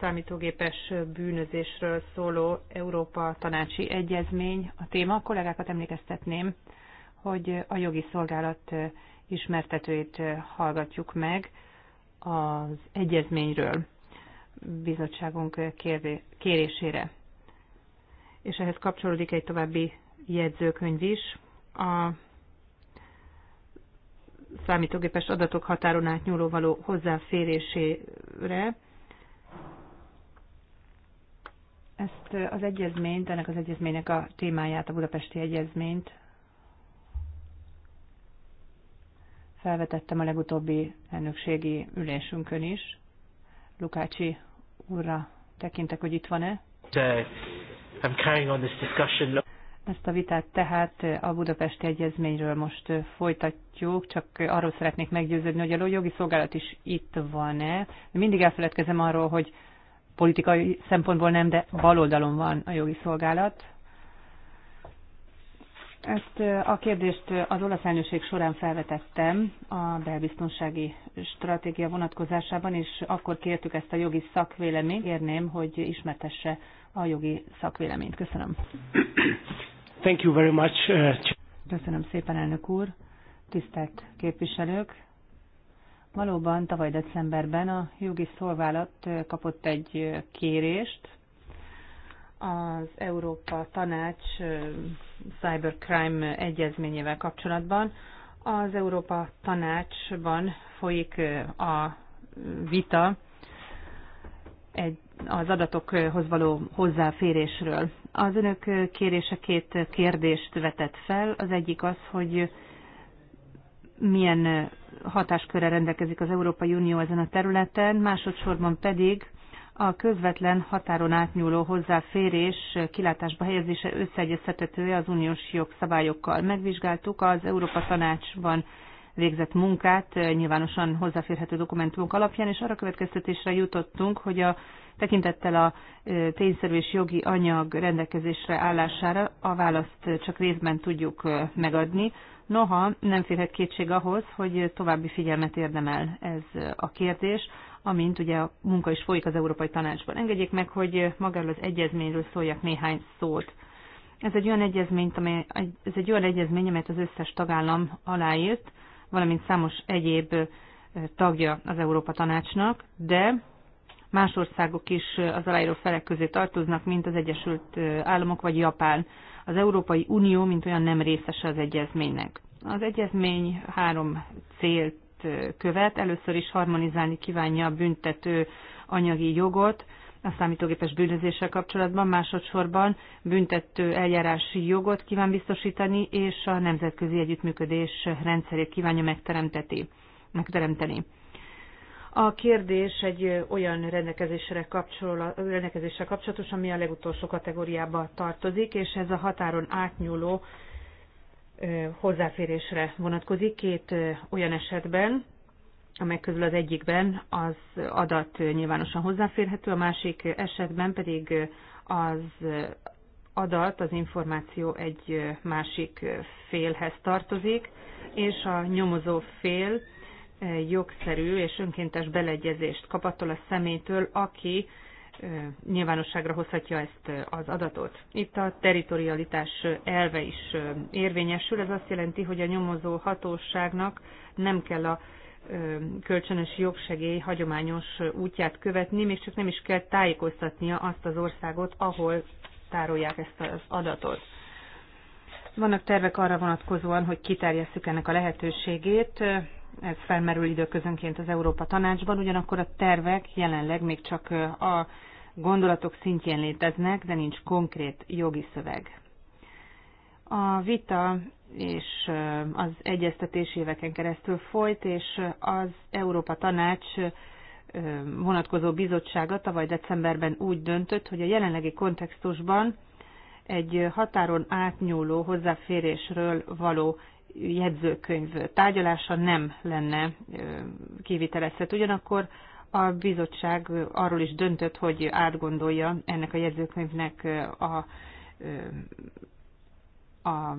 számítógépes bűnözésről szóló Európa tanácsi egyezmény a téma. A kollégákat emlékeztetném hogy a jogi szolgálat ismertetőjét hallgatjuk meg az egyezményről bizottságunk kérésére. És ehhez kapcsolódik egy további jegyzőkönyv is. A számítógépes adatok határon átnyúló való hozzáférésére. Ezt az egyezményt, ennek az egyezménynek a témáját, a budapesti egyezményt felvetettem a legutóbbi elnökségi ülésünkön is. Lukácsi úrra tekintek, hogy itt van-e. I'm carrying on this discussion. Ezt a vitát tehát a budapesti egyezményről most folytatjuk, csak arról szeretnék meggyőződni, hogy a jogi szolgálat is itt van-e. Mindig elfeledkezem arról, hogy politikai szempontból nem, de baloldalon van a jogi szolgálat. Ezt a kérdést az olasz elnökség során felvetettem a belbiztonsági stratégia vonatkozásában, és akkor kértük ezt a jogi szakvéleményt. Kérném, hogy ismertesse a jogi szakvéleményt. Köszönöm. Thank you very much. Uh, Köszönöm szépen, elnök úr. Tisztelt képviselők, Valóban tavaly decemberben a jogi szolgálat kapott egy kérést az Európa Tanács cybercrime egyezményével kapcsolatban. Az Európa Tanácsban folyik a vita egy, az adatokhoz való hozzáférésről. Az önök kérése két kérdést vetett fel. Az egyik az, hogy milyen hatáskörre rendelkezik az Európai Unió ezen a területen, másodszorban pedig a közvetlen határon átnyúló hozzáférés kilátásba helyezése összeegyeztethetője az uniós jogszabályokkal. Megvizsgáltuk az Európa Tanácsban végzett munkát nyilvánosan hozzáférhető dokumentumok alapján, és arra következtetésre jutottunk, hogy a tekintettel a tényszerű és jogi anyag rendelkezésre állására a választ csak részben tudjuk megadni. Noha nem férhet kétség ahhoz, hogy további figyelmet érdemel ez a kérdés, amint ugye a munka is folyik az Európai Tanácsban. Engedjék meg, hogy magáról az egyezményről szóljak néhány szót. Ez egy olyan egyezmény, amely, ez egy olyan egyezmény, amelyet az összes tagállam aláírt, valamint számos egyéb tagja az Európa Tanácsnak, de más országok is az aláíró felek közé tartoznak, mint az Egyesült Államok vagy Japán az Európai Unió, mint olyan nem részese az egyezménynek. Az egyezmény három célt követ. Először is harmonizálni kívánja a büntető anyagi jogot, a számítógépes bűnözéssel kapcsolatban, másodszorban büntető eljárási jogot kíván biztosítani, és a nemzetközi együttműködés rendszerét kívánja megteremteni. A kérdés egy olyan rendelkezésre kapcsol, rendelkezéssel kapcsolatos, ami a legutolsó kategóriába tartozik, és ez a határon átnyúló hozzáférésre vonatkozik két olyan esetben, amely közül az egyikben az adat nyilvánosan hozzáférhető, a másik esetben pedig az adat, az információ egy másik félhez tartozik, és a nyomozó fél jogszerű és önkéntes beleegyezést kap attól a személytől, aki nyilvánosságra hozhatja ezt az adatot. Itt a teritorialitás elve is érvényesül, ez azt jelenti, hogy a nyomozó hatóságnak nem kell a kölcsönös jogsegély hagyományos útját követni, még csak nem is kell tájékoztatnia azt az országot, ahol tárolják ezt az adatot. Vannak tervek arra vonatkozóan, hogy kiterjesszük ennek a lehetőségét, ez felmerül időközönként az Európa Tanácsban, ugyanakkor a tervek jelenleg még csak a gondolatok szintjén léteznek, de nincs konkrét jogi szöveg. A vita és az egyeztetés éveken keresztül folyt, és az Európa Tanács vonatkozó bizottsága tavaly decemberben úgy döntött, hogy a jelenlegi kontextusban egy határon átnyúló hozzáférésről való jegyzőkönyv tárgyalása nem lenne kivitelezhető. Ugyanakkor a bizottság arról is döntött, hogy átgondolja ennek a jegyzőkönyvnek a a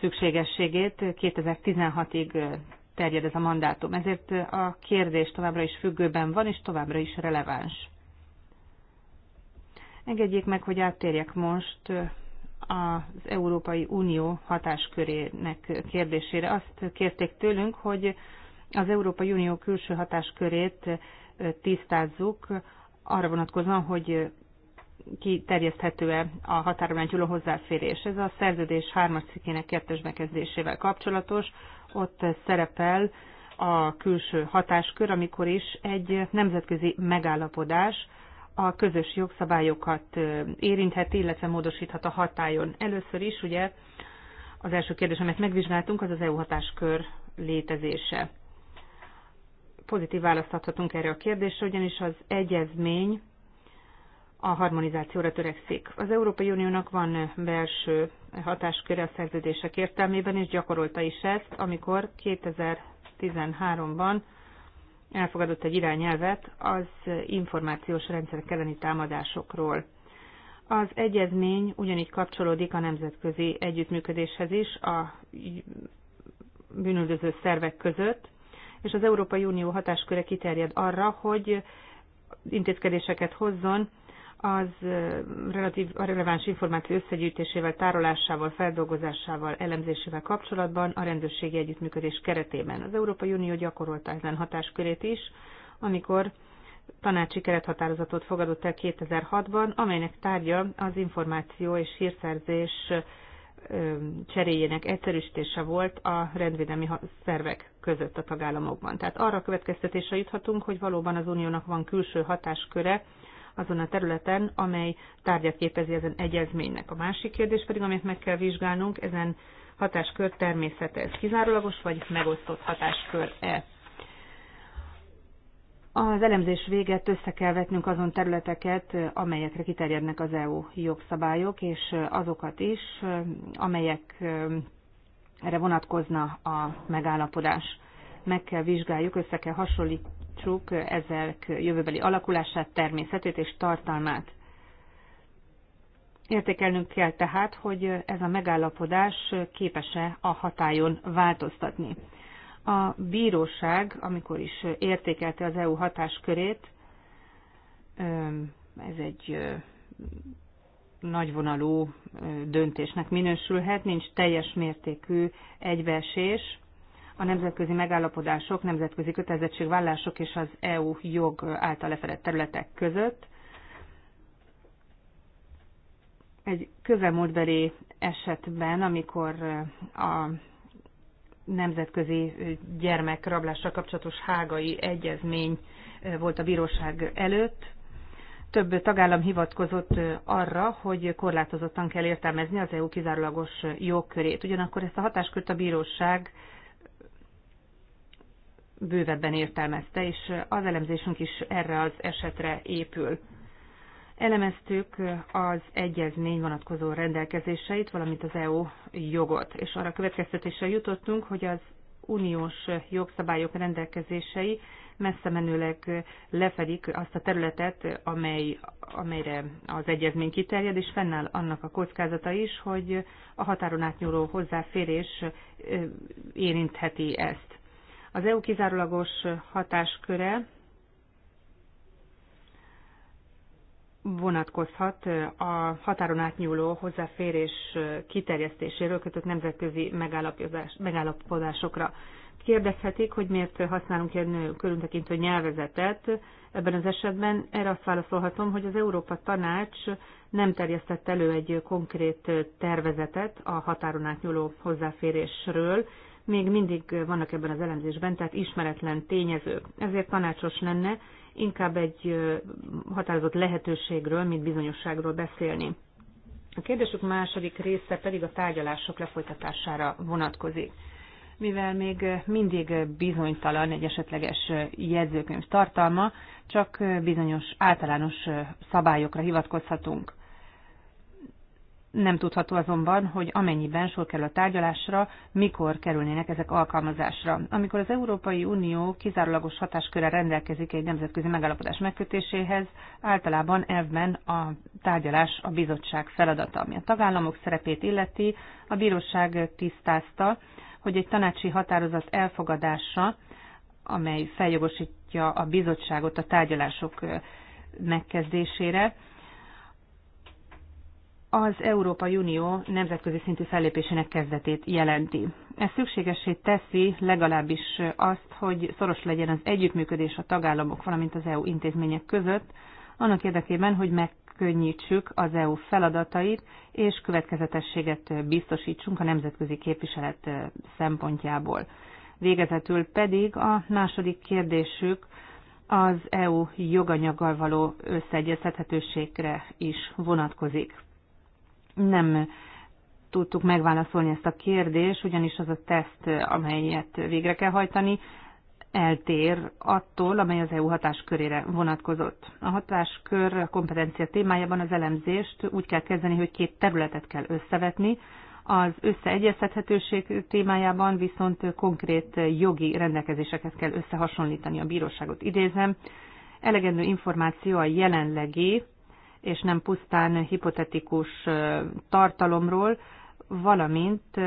szükségességét. 2016-ig terjed ez a mandátum. Ezért a kérdés továbbra is függőben van, és továbbra is releváns. Engedjék meg, hogy áttérjek most az Európai Unió hatáskörének kérdésére. Azt kérték tőlünk, hogy az Európai Unió külső hatáskörét tisztázzuk arra vonatkozóan, hogy terjeszthető e a határon nyúló hozzáférés. Ez a szerződés hármas cikkének kettős bekezdésével kapcsolatos. Ott szerepel a külső hatáskör, amikor is egy nemzetközi megállapodás a közös jogszabályokat érintheti, illetve módosíthat a hatájon. Először is ugye az első kérdés, amit megvizsgáltunk, az az EU hatáskör létezése. Pozitív választ adhatunk erre a kérdésre, ugyanis az egyezmény a harmonizációra törekszik. Az Európai Uniónak van belső hatásköre a szerződések értelmében, és gyakorolta is ezt, amikor 2013-ban elfogadott egy irányelvet az információs rendszerek elleni támadásokról. Az egyezmény ugyanígy kapcsolódik a nemzetközi együttműködéshez is a bűnöldöző szervek között, és az Európai Unió hatásköre kiterjed arra, hogy intézkedéseket hozzon az relatív, a releváns információ összegyűjtésével, tárolásával, feldolgozásával, elemzésével kapcsolatban a rendőrségi együttműködés keretében. Az Európai Unió gyakorolta ezen hatáskörét is, amikor tanácsi kerethatározatot fogadott el 2006-ban, amelynek tárgya az információ és hírszerzés cseréjének egyszerűsítése volt a rendvédelmi szervek között a tagállamokban. Tehát arra következtetésre juthatunk, hogy valóban az uniónak van külső hatásköre, azon a területen, amely tárgyat képezi ezen egyezménynek. A másik kérdés pedig, amit meg kell vizsgálnunk, ezen hatáskör természete. Ez kizárólagos vagy megosztott hatáskör-e? Az elemzés véget össze kell vetnünk azon területeket, amelyekre kiterjednek az EU jogszabályok, és azokat is, amelyek erre vonatkozna a megállapodás. Meg kell vizsgáljuk, össze kell hasonlítani alakítsuk ezek jövőbeli alakulását, természetét és tartalmát. Értékelnünk kell tehát, hogy ez a megállapodás képes-e a hatályon változtatni. A bíróság, amikor is értékelte az EU hatáskörét, ez egy nagyvonalú döntésnek minősülhet, nincs teljes mértékű egybeesés, a nemzetközi megállapodások, nemzetközi kötelezettségvállások és az EU jog által lefedett területek között. Egy közelmúltbeli esetben, amikor a nemzetközi gyermekrablással kapcsolatos hágai egyezmény volt a bíróság előtt, több tagállam hivatkozott arra, hogy korlátozottan kell értelmezni az EU kizárólagos jogkörét. Ugyanakkor ezt a hatáskört a bíróság bővebben értelmezte, és az elemzésünk is erre az esetre épül. Elemeztük az egyezmény vonatkozó rendelkezéseit, valamint az EU jogot, és arra következtetésre jutottunk, hogy az uniós jogszabályok rendelkezései messze menőleg lefedik azt a területet, amely, amelyre az egyezmény kiterjed, és fennáll annak a kockázata is, hogy a határon átnyúló hozzáférés érintheti ezt. Az EU kizárólagos hatásköre vonatkozhat a határon átnyúló hozzáférés kiterjesztéséről kötött nemzetközi megállapodásokra. Kérdezhetik, hogy miért használunk ilyen körültekintő nyelvezetet. Ebben az esetben erre azt válaszolhatom, hogy az Európa Tanács nem terjesztett elő egy konkrét tervezetet a határon átnyúló hozzáférésről, még mindig vannak ebben az elemzésben, tehát ismeretlen tényezők. Ezért tanácsos lenne inkább egy határozott lehetőségről, mint bizonyosságról beszélni. A kérdésük második része pedig a tárgyalások lefolytatására vonatkozik. Mivel még mindig bizonytalan egy esetleges jegyzőkönyv tartalma, csak bizonyos általános szabályokra hivatkozhatunk. Nem tudható azonban, hogy amennyiben sor kerül a tárgyalásra, mikor kerülnének ezek alkalmazásra. Amikor az Európai Unió kizárólagos hatáskörrel rendelkezik egy nemzetközi megállapodás megkötéséhez, általában elvben a tárgyalás a bizottság feladata. Ami a tagállamok szerepét illeti, a bíróság tisztázta, hogy egy tanácsi határozat elfogadása, amely feljogosítja a bizottságot a tárgyalások megkezdésére, az Európai Unió nemzetközi szintű fellépésének kezdetét jelenti. Ez szükségessé teszi legalábbis azt, hogy szoros legyen az együttműködés a tagállamok, valamint az EU intézmények között, annak érdekében, hogy megkönnyítsük az EU feladatait, és következetességet biztosítsunk a nemzetközi képviselet szempontjából. Végezetül pedig a második kérdésük az EU joganyaggal való összeegyeztethetőségre is vonatkozik nem tudtuk megválaszolni ezt a kérdést, ugyanis az a teszt, amelyet végre kell hajtani, eltér attól, amely az EU hatáskörére vonatkozott. A hatáskör a kompetencia témájában az elemzést úgy kell kezdeni, hogy két területet kell összevetni, az összeegyeztethetőség témájában viszont konkrét jogi rendelkezéseket kell összehasonlítani a bíróságot. Idézem, elegendő információ a jelenlegi és nem pusztán hipotetikus tartalomról, valamint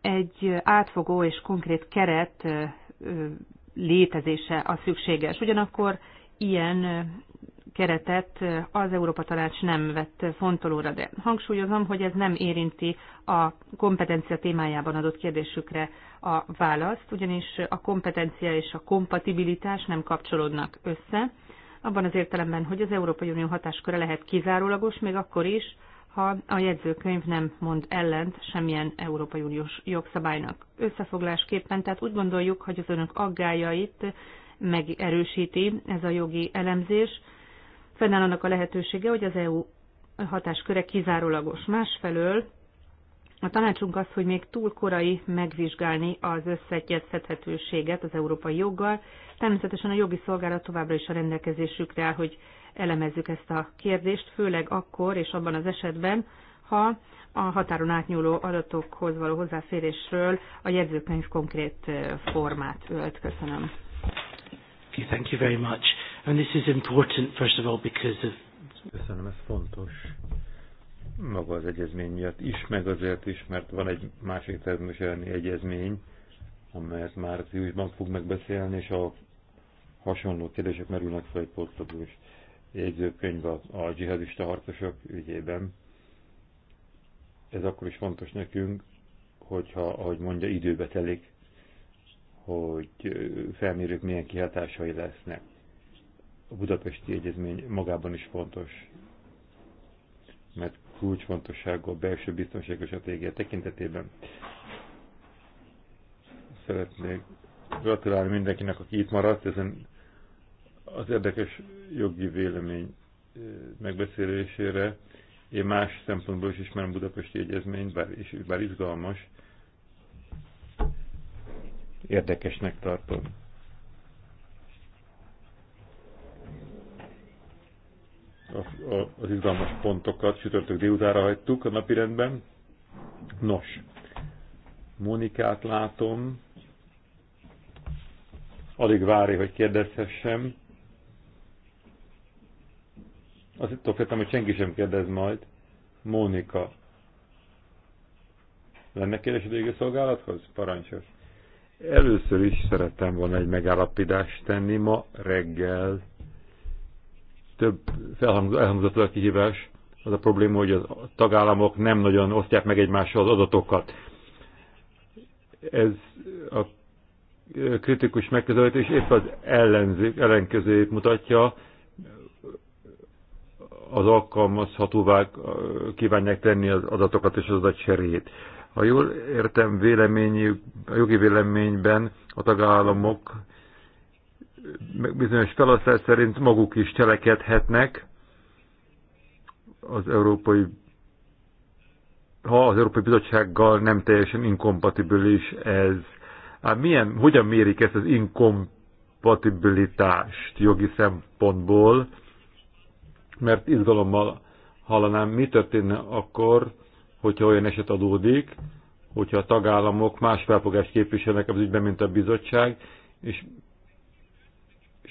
egy átfogó és konkrét keret létezése a szükséges. Ugyanakkor ilyen keretet az Európa Tanács nem vett fontolóra, de hangsúlyozom, hogy ez nem érinti a kompetencia témájában adott kérdésükre a választ, ugyanis a kompetencia és a kompatibilitás nem kapcsolódnak össze, abban az értelemben, hogy az Európai Unió hatásköre lehet kizárólagos, még akkor is, ha a jegyzőkönyv nem mond ellent semmilyen Európai Uniós jogszabálynak. Összefoglásképpen, tehát úgy gondoljuk, hogy az önök aggájait megerősíti ez a jogi elemzés. Fennáll annak a lehetősége, hogy az EU hatásköre kizárólagos. Másfelől a tanácsunk az, hogy még túl korai megvizsgálni az összeegyeztethetőséget az európai joggal. Természetesen a jogi szolgálat továbbra is a rendelkezésükre áll, hogy elemezzük ezt a kérdést, főleg akkor és abban az esetben, ha a határon átnyúló adatokhoz való hozzáférésről a jegyzőkönyv konkrét formát ölt. Köszönöm. thank you very much. And this is important, first of all, because of... Köszönöm, ez fontos maga az egyezmény miatt is, meg azért is, mert van egy másik természelni egyezmény, amelyet márciusban fog megbeszélni, és a hasonló kérdések merülnek fel egy portugós jegyzőkönyv a, a dzsihadista harcosok ügyében. Ez akkor is fontos nekünk, hogyha, ahogy mondja, időbe telik, hogy felmérjük, milyen kihatásai lesznek. A budapesti egyezmény magában is fontos, mert kulcsfontosságú a belső biztonságos stratégia tekintetében. Szeretnék gratulálni mindenkinek, aki itt maradt, ezen az érdekes jogi vélemény eh, megbeszélésére. Én más szempontból is ismerem Budapesti Egyezményt, bár, és, bár izgalmas, érdekesnek tartom az izgalmas pontokat csütörtök délutára hagytuk a rendben. Nos, Monikát látom. Alig várja, hogy kérdezhessem. Azt itt féltem, hogy senki sem kérdez majd. Mónika. Lenne kérdés a végőszolgálathoz? Parancsos. Először is szerettem volna egy megállapítást tenni. Ma reggel több felhangzott, elhangzott a kihívás, az a probléma, hogy a tagállamok nem nagyon osztják meg egymással az adatokat. Ez a kritikus megközelítés épp az ellenzék, ellenkezőjét mutatja, az alkalmazhatóvá kívánják tenni az adatokat és az adatcserét. Ha jól értem, véleményi, a jogi véleményben a tagállamok bizonyos felosztás szerint maguk is cselekedhetnek az európai ha az Európai Bizottsággal nem teljesen inkompatibilis ez. Hát milyen, hogyan mérik ezt az inkompatibilitást jogi szempontból? Mert izgalommal hallanám, mi történne akkor, hogyha olyan eset adódik, hogyha a tagállamok más felfogást képviselnek az ügyben, mint a bizottság, és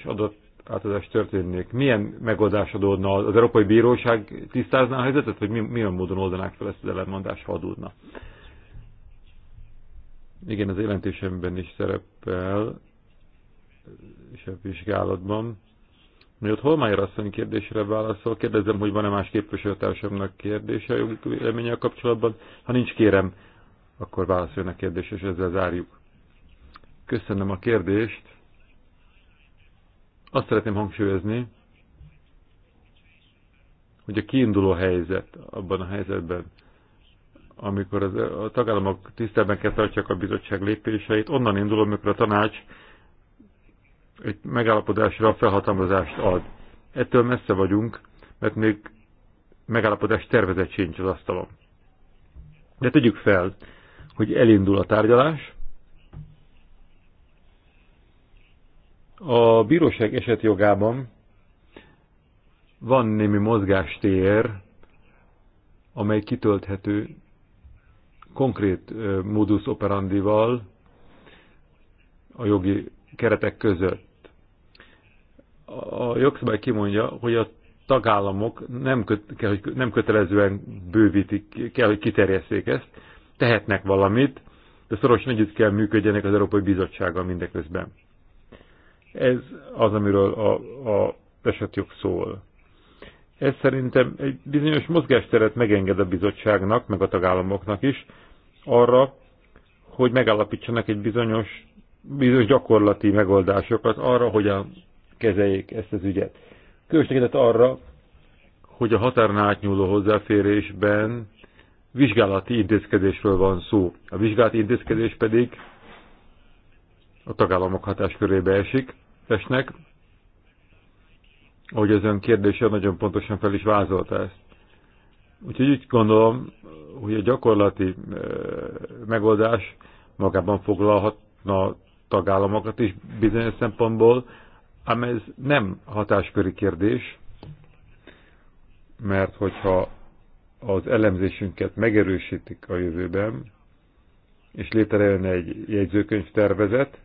adott átadás történnék. Milyen megoldás adódna? Az Európai Bíróság tisztázná a helyzetet, hogy milyen módon oldanák fel ezt az ellenmondás, ha adódna? Igen, az jelentésemben is szerepel, és a vizsgálatban. Mi ott Holmájer asszony kérdésre válaszol, kérdezem, hogy van-e más képviselőtársamnak kérdése a jogi véleménnyel kapcsolatban. Ha nincs, kérem, akkor válaszoljon a kérdés, és ezzel zárjuk. Köszönöm a kérdést. Azt szeretném hangsúlyozni, hogy a kiinduló helyzet abban a helyzetben, amikor az, a tagállamok tisztelben kell tartják a bizottság lépéseit, onnan indul, amikor a tanács egy megállapodásra felhatalmazást ad. Ettől messze vagyunk, mert még megállapodás tervezet sincs az asztalon. De tegyük fel, hogy elindul a tárgyalás, A bíróság esetjogában van némi mozgástér, amely kitölthető konkrét modus operandival a jogi keretek között. A jogszabály kimondja, hogy a tagállamok nem, köt, kell, hogy nem kötelezően bővítik, kell, hogy kiterjesszék ezt, tehetnek valamit, de szorosan együtt kell működjenek az Európai Bizottsággal mindeközben. Ez az, amiről a, a esetjog szól. Ez szerintem egy bizonyos mozgásteret megenged a bizottságnak, meg a tagállamoknak is arra, hogy megállapítsanak egy bizonyos, bizonyos gyakorlati megoldásokat arra, hogyan kezeljék ezt az ügyet. Különösségedet arra, hogy a határon átnyúló hozzáférésben vizsgálati intézkedésről van szó. A vizsgálati intézkedés pedig a tagállamok hatáskörébe esik, esnek. Ahogy az ön kérdése nagyon pontosan fel is vázolta ezt. Úgyhogy úgy gondolom, hogy a gyakorlati megoldás magában foglalhatna tagállamokat is bizonyos szempontból, ám ez nem hatásköri kérdés, mert hogyha az elemzésünket megerősítik a jövőben, és létrejön egy jegyzőkönyv tervezet,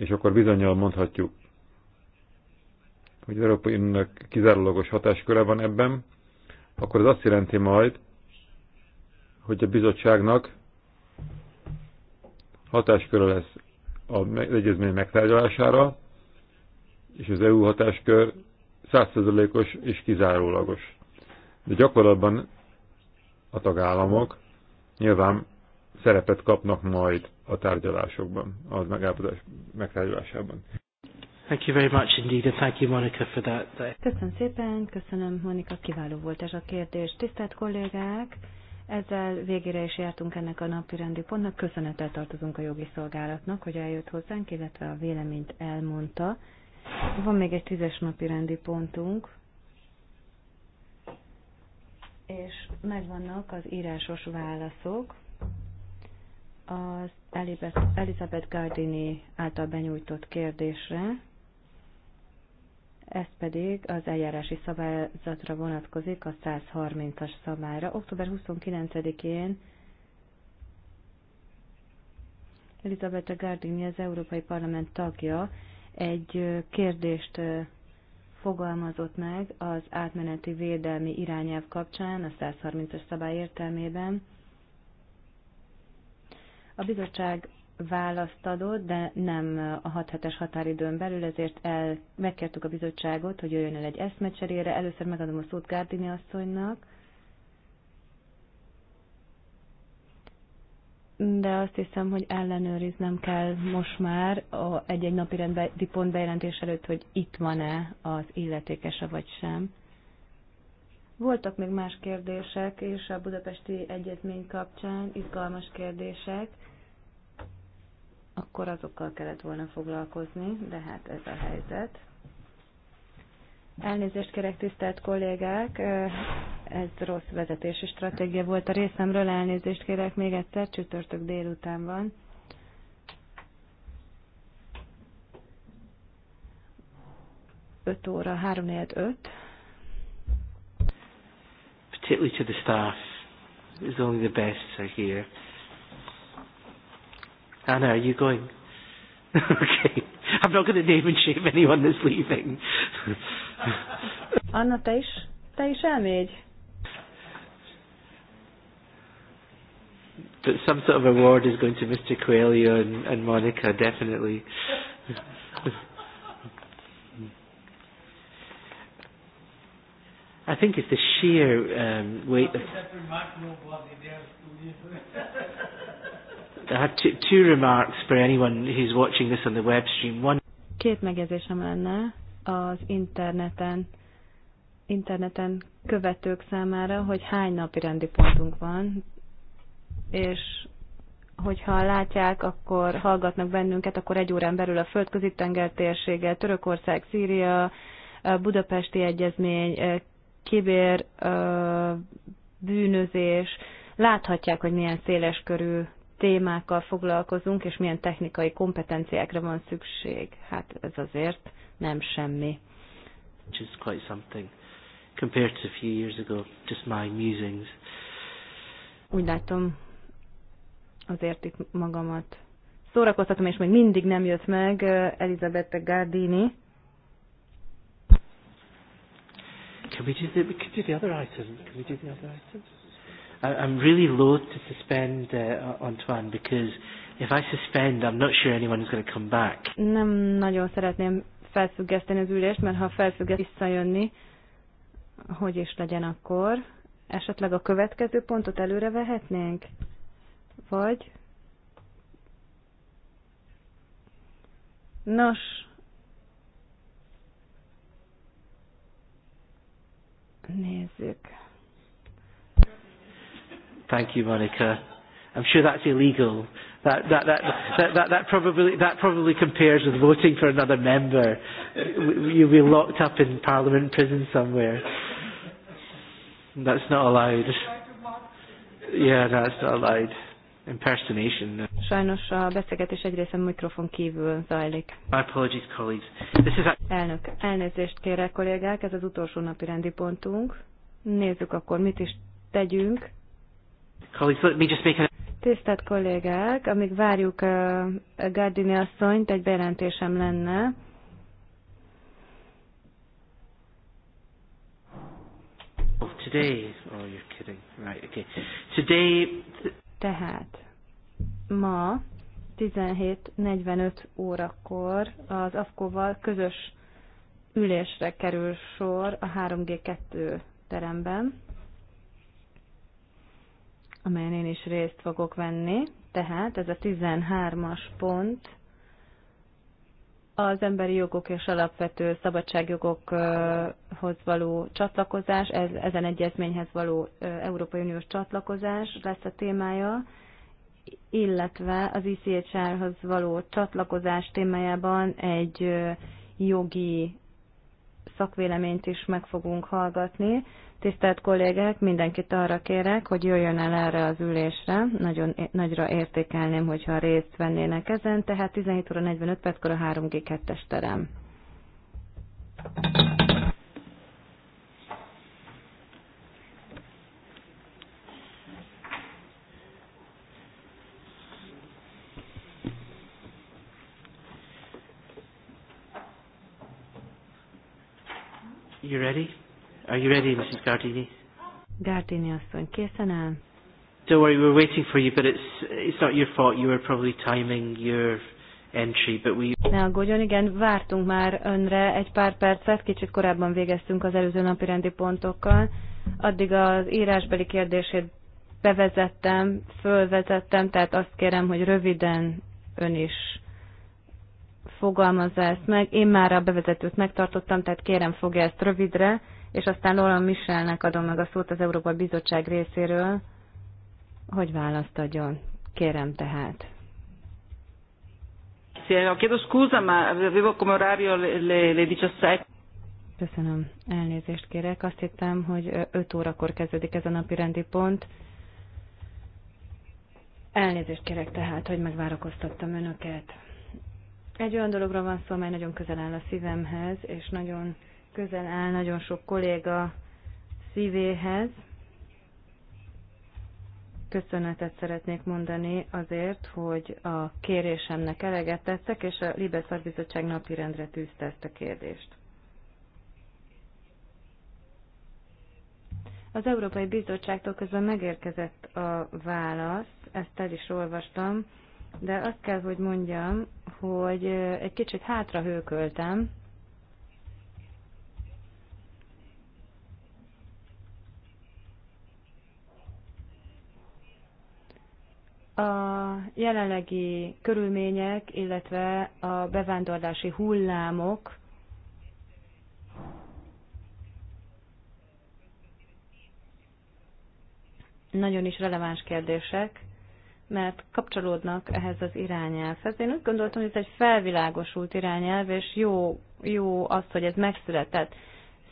és akkor bizonyal mondhatjuk, hogy az Európai Uniónak kizárólagos hatásköre van ebben, akkor ez azt jelenti majd, hogy a bizottságnak hatásköre lesz az egyezmény megtárgyalására, és az EU hatáskör százszerzelékos és kizárólagos. De gyakorlatban a tagállamok nyilván szerepet kapnak majd a tárgyalásokban, az megállapodás megtárgyalásában. Thank you very much indeed, and thank you, Monica, for that. Köszönöm szépen, köszönöm, Monika, kiváló volt ez a kérdés. Tisztelt kollégák, ezzel végére is jártunk ennek a napi rendi pontnak. Köszönettel tartozunk a jogi szolgálatnak, hogy eljött hozzánk, illetve a véleményt elmondta. Van még egy tízes napi rendi pontunk, és megvannak az írásos válaszok az Elizabeth Gardini által benyújtott kérdésre, ez pedig az eljárási szabályzatra vonatkozik, a 130-as szabályra. Október 29-én Elizabeth Gardini, az Európai Parlament tagja, egy kérdést fogalmazott meg az átmeneti védelmi irányelv kapcsán, a 130-as szabály értelmében. A bizottság választ adott, de nem a 6 hetes határidőn belül, ezért el, megkértük a bizottságot, hogy jöjjön el egy eszmecserére. Először megadom a szót Gárdini asszonynak, de azt hiszem, hogy ellenőriznem kell most már a egy-egy napi rendi pont bejelentés előtt, hogy itt van-e az illetékese vagy sem. Voltak még más kérdések, és a budapesti egyezmény kapcsán izgalmas kérdések akkor azokkal kellett volna foglalkozni, de hát ez a helyzet. Elnézést kérek, tisztelt kollégák, ez rossz vezetési stratégia volt a részemről, elnézést kérek még egyszer, csütörtök délután van. Öt óra, öt. Particularly to the staff, it's only the best are here. Anna, are you going? *laughs* okay. I'm not going to name and shame anyone that's leaving. Anna, te is, te is elmégy. But some sort of award is going to Mr. Coelho and, and Monica, definitely. I think it's the sheer um, weight of. *laughs* I had two, two remarks for anyone who's watching this on the web stream. One... Két megjegyzésem lenne az interneten, interneten követők számára, hogy hány napi rendi pontunk van, és hogyha látják, akkor hallgatnak bennünket, akkor egy órán belül a földközi tenger térsége, Törökország, Szíria, Budapesti Egyezmény, kibér, bűnözés, láthatják, hogy milyen széles körű témákkal foglalkozunk, és milyen technikai kompetenciákra van szükség. Hát ez azért nem semmi. Which is quite something compared to a few years ago, just my musings. Úgy látom, azért itt magamat szórakoztatom, és még mindig nem jött meg eh, Elizabeth Gardini. Can we do the, we can do the other items? Can we do the other items? I, I'm really loath to suspend uh, Antoine because if I suspend, I'm not sure anyone is going to come back. Nem nagyon szeretném felfüggeszteni az ülést, mert ha felfügges visszajönni, hogy is legyen akkor. Esetleg a következő pontot előre vehetnénk? Vagy? Nos, nézzük. Thank you, Monica. I'm sure that's illegal. That, that, that, that, that, that, probably, that probably compares with voting for another member. You'll be locked up in Parliament prison somewhere. That's not allowed. Yeah, that's not allowed. Impersonation. Sajnos a beszélgetés egy része mikrofon kívül zajlik. My apologies, colleagues. This is a... Elnök, elnézést kérek kollégák, ez az utolsó napi rendi pontunk. Nézzük akkor, mit is tegyünk Colleagues, let me just make a... Tisztelt kollégák, amíg várjuk a Gardini asszonyt, egy bejelentésem lenne. Oh, today, oh you're kidding, right, okay. Today... Tehát, ma 17.45 órakor az AFKO-val közös ülésre kerül sor a 3G2 teremben amelyen én is részt fogok venni. Tehát ez a 13-as pont az emberi jogok és alapvető szabadságjogokhoz való csatlakozás, ez, ezen egyezményhez való Európai Uniós csatlakozás lesz a témája, illetve az ICHR-hoz való csatlakozás témájában egy jogi szakvéleményt is meg fogunk hallgatni. Tisztelt kollégák, mindenkit arra kérek, hogy jöjjön el erre az ülésre. Nagyon nagyra értékelném, hogyha részt vennének ezen, tehát 17 óra 45 perckor a 3G2-es terem. You ready? Are you ready, Mrs. Gardini? Gardini asszony, készen áll? Don't worry, we're waiting for you, but it's, it's not your fault. You were probably timing your entry, but we... Ne aggódjon, igen, vártunk már önre egy pár percet, kicsit korábban végeztünk az előző napi rendi pontokkal. Addig az írásbeli kérdését bevezettem, fölvezettem, tehát azt kérem, hogy röviden ön is fogalmazza ezt meg. Én már a bevezetőt megtartottam, tehát kérem fogja ezt rövidre, és aztán Lola Michelnek adom meg a szót az Európai Bizottság részéről, hogy választ adjon. Kérem tehát. Eh, le, Köszönöm, elnézést kérek. Azt hittem, hogy 5 órakor kezdődik ez a napi rendi pont. Elnézést kérek tehát, hogy megvárakoztattam önöket. Egy olyan dologról van szó, amely nagyon közel áll a szívemhez, és nagyon közel áll nagyon sok kolléga szívéhez. Köszönetet szeretnék mondani azért, hogy a kérésemnek eleget tettek, és a Libe Szakbizottság rendre tűzte ezt a kérdést. Az Európai Bizottságtól közben megérkezett a válasz, ezt el is olvastam, de azt kell, hogy mondjam, hogy egy kicsit hátra hőköltem, a jelenlegi körülmények, illetve a bevándorlási hullámok nagyon is releváns kérdések, mert kapcsolódnak ehhez az irányelvhez. Én úgy gondoltam, hogy ez egy felvilágosult irányelv, és jó, jó az, hogy ez megszületett.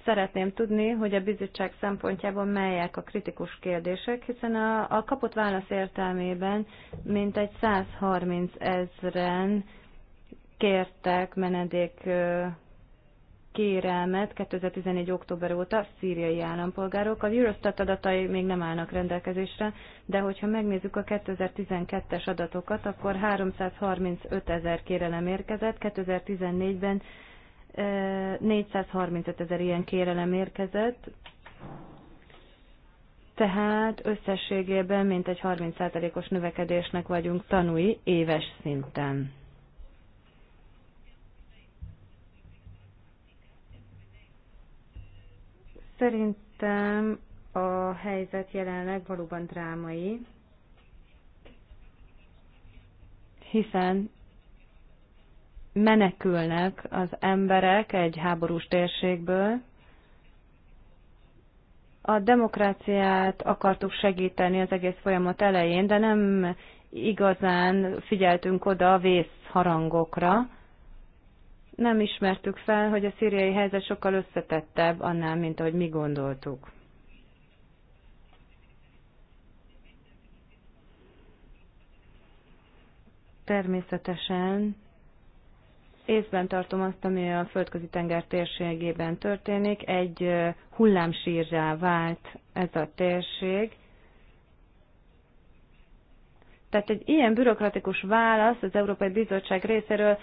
Szeretném tudni, hogy a bizottság szempontjából melyek a kritikus kérdések, hiszen a, a kapott válasz értelmében mintegy 130 ezren kértek menedék kérelmet 2014. október óta szíriai állampolgárok. A Eurostat adatai még nem állnak rendelkezésre, de hogyha megnézzük a 2012-es adatokat, akkor 335 ezer kérelem érkezett, 2014-ben 435 ezer ilyen kérelem érkezett, tehát összességében mintegy 30%-os növekedésnek vagyunk tanúi éves szinten. Szerintem a helyzet jelenleg valóban drámai, hiszen menekülnek az emberek egy háborús térségből. A demokráciát akartuk segíteni az egész folyamat elején, de nem igazán figyeltünk oda a vészharangokra nem ismertük fel, hogy a szíriai helyzet sokkal összetettebb annál, mint ahogy mi gondoltuk. Természetesen észben tartom azt, ami a földközi tenger térségében történik. Egy hullámsírrá vált ez a térség. Tehát egy ilyen bürokratikus válasz az Európai Bizottság részéről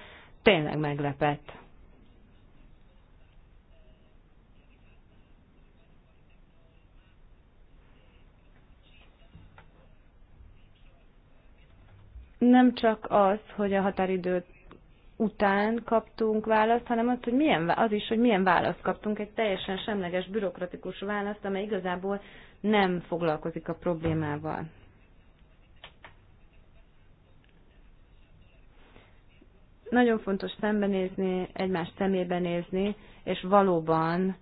tényleg meglepett. Nem csak az, hogy a határidőt után kaptunk választ, hanem az, hogy milyen, az is, hogy milyen választ kaptunk, egy teljesen semleges, bürokratikus választ, amely igazából nem foglalkozik a problémával. nagyon fontos szembenézni, egymás szemébe nézni, és valóban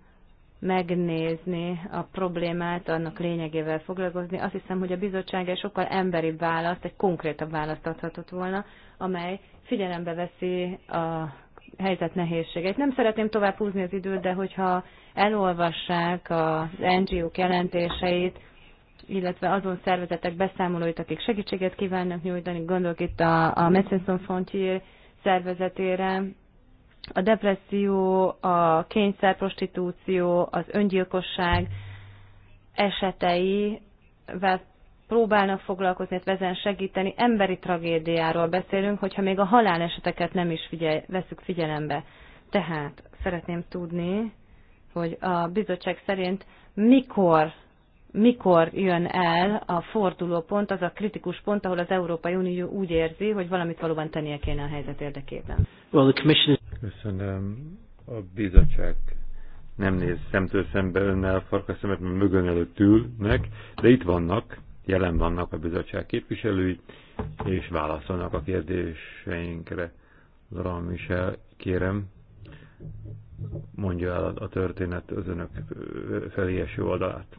megnézni a problémát, annak lényegével foglalkozni. Azt hiszem, hogy a bizottság egy sokkal emberibb választ, egy konkrétabb választ adhatott volna, amely figyelembe veszi a helyzet nehézségeit. Nem szeretném tovább húzni az időt, de hogyha elolvassák az NGO-k jelentéseit, illetve azon szervezetek beszámolóit, akik segítséget kívánnak nyújtani, gondolok itt a, a Médecins Frontier szervezetére. A depresszió, a kényszerprostitúció, az öngyilkosság eseteivel próbálnak foglalkozni, illetve ezen segíteni. Emberi tragédiáról beszélünk, hogyha még a haláleseteket nem is figyel, veszük figyelembe. Tehát szeretném tudni, hogy a bizottság szerint mikor mikor jön el a fordulópont, az a kritikus pont, ahol az Európai Unió úgy érzi, hogy valamit valóban tennie kéne a helyzet érdekében. Well, the commission... Köszönöm. A bizottság nem néz szemtől szembe önnel, farkas szemet, mert mögön előtt ülnek, de itt vannak, jelen vannak a bizottság képviselői, és válaszolnak a kérdéseinkre. Laura Michel, kérem, mondja el a történet az önök felé eső oldalát.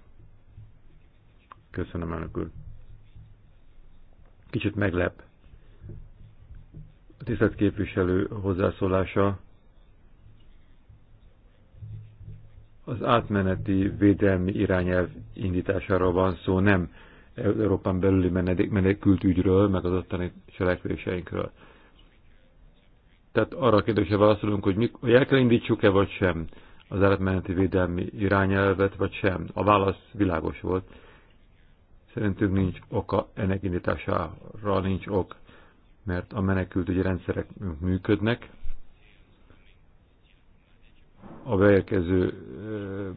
Köszönöm, elnök úr. Kicsit meglep a tisztelt képviselő hozzászólása az átmeneti védelmi irányelv indításáról van szó, nem Európán belüli menedék, menekült ügyről, meg az ottani cselekvéseinkről. Tehát arra a kérdésre válaszolunk, hogy, mik, hogy el kell indítsuk-e vagy sem az átmeneti védelmi irányelvet, vagy sem. A válasz világos volt. Szerintünk nincs oka ennek indítására, nincs ok, mert a menekült, ugye rendszerek működnek. A beérkező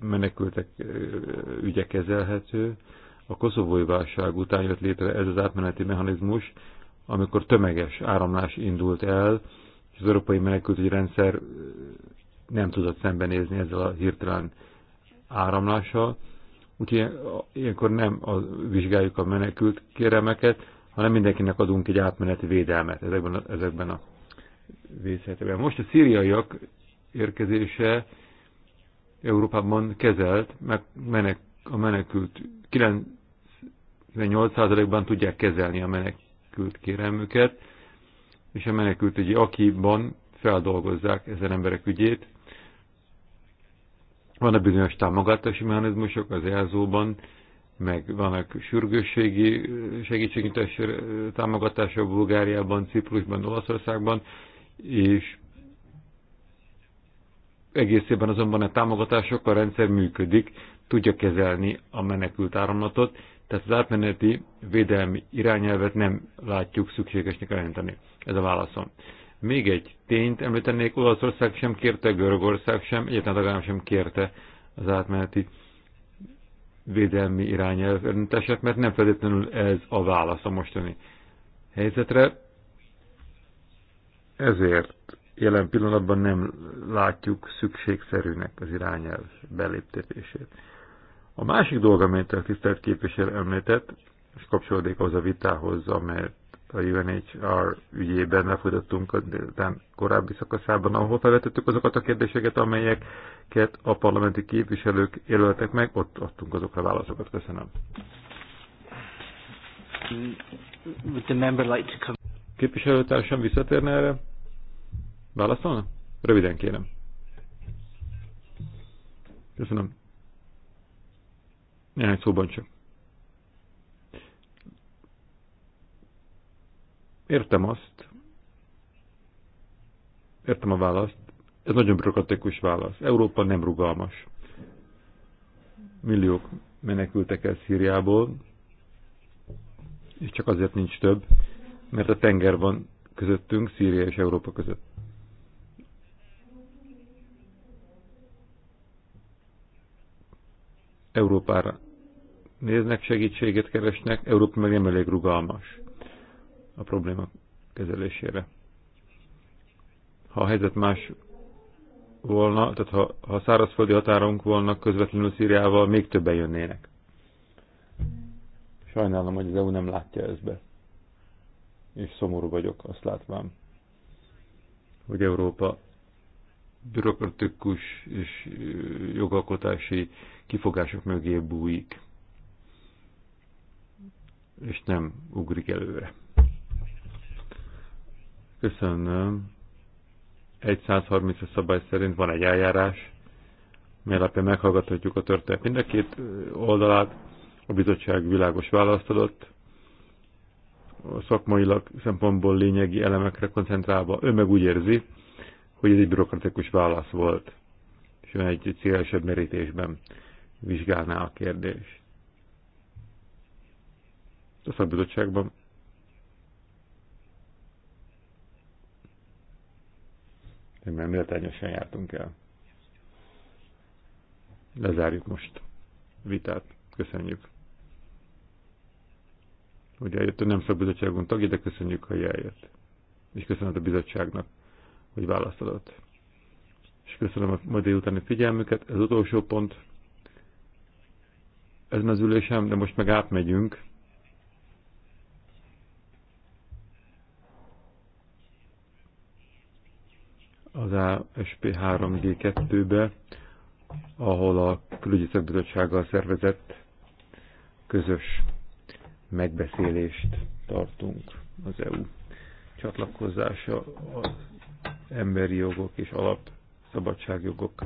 menekültek ügye kezelhető. A koszovói válság után jött létre ez az átmeneti mechanizmus, amikor tömeges áramlás indult el, és az európai menekültügyi rendszer nem tudott szembenézni ezzel a hirtelen áramlással, Úgyhogy ilyenkor nem a, vizsgáljuk a menekült kéremeket, hanem mindenkinek adunk egy átmeneti védelmet ezekben a, ezekben a vészhetekben. Most a szíriaiak érkezése Európában kezelt, meg menek, a menekült 98%-ban tudják kezelni a menekült kéremüket, és a menekült egy akiban feldolgozzák ezen emberek ügyét, van a bizonyos támogatási mechanizmusok az jelzóban, meg vannak sürgősségi segítségnyújtás támogatása Bulgáriában, Ciprusban, Olaszországban, és egészében azonban a támogatások a rendszer működik, tudja kezelni a menekült áramlatot, tehát az átmeneti védelmi irányelvet nem látjuk szükségesnek jelenteni. Ez a válaszom. Még egy tényt említenék, Olaszország sem kérte, Görögország sem, egyetlen tagállam sem kérte az átmeneti védelmi irányelv érintését, mert nem feltétlenül ez a válasz a mostani helyzetre. Ezért jelen pillanatban nem látjuk szükségszerűnek az irányelv beléptetését. A másik dolog, amelyet a tisztelt képviselő említett, és kapcsolódik az a vitához, amelyet a UNHR ügyében lefutottunk a korábbi szakaszában, ahol felvetettük azokat a kérdéseket, amelyeket a parlamenti képviselők jelöltek meg, ott adtunk azokra válaszokat. Köszönöm. Képviselőtársam visszatérne erre? Válaszolna? Röviden kérem. Köszönöm. Néhány szóban csak. Értem azt. Értem a választ. Ez nagyon bürokratikus válasz. Európa nem rugalmas. Milliók menekültek el Szíriából, és csak azért nincs több, mert a tenger van közöttünk, Szíria és Európa között. Európára néznek, segítséget keresnek, Európa meg nem elég rugalmas a probléma kezelésére. Ha a helyzet más volna, tehát ha, ha szárazföldi határunk volna közvetlenül Szíriával, még többen jönnének. Sajnálom, hogy az EU nem látja ezt be. És szomorú vagyok, azt látvám, hogy Európa bürokratikus és jogalkotási kifogások mögé bújik, és nem ugrik előre. Köszönöm. 130 szabály szerint van egy eljárás, mely alapján meghallgathatjuk a történet mind a két oldalát, a bizottság világos választ adott, a szakmailag szempontból lényegi elemekre koncentrálva, ő meg úgy érzi, hogy ez egy bürokratikus válasz volt, és ön egy célesebb merítésben vizsgálná a kérdést. A szakbizottságban mert méltányosan jártunk el. Lezárjuk most vitát. Köszönjük. Hogy eljött a nem szakbizottságon tagja, de köszönjük, hogy eljött. És köszönöm a bizottságnak, hogy választodott. És köszönöm a ma délutáni figyelmüket. Ez utolsó pont Ez az ülésem, de most meg átmegyünk az ASP3G2-be, ahol a külügyi szakbizottsággal szervezett közös megbeszélést tartunk az EU csatlakozása az emberi jogok és alap szabadságjogok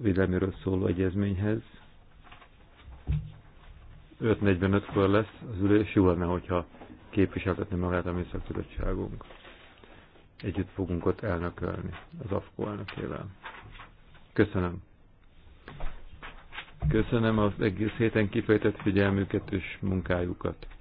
védelméről szóló egyezményhez. 5.45-kor lesz az ülés, jó lenne, hogyha képviseltetni magát a mi szakbizottságunk együtt fogunk ott elnökölni az AFKO elnökével. Köszönöm. Köszönöm az egész héten kifejtett figyelmüket és munkájukat.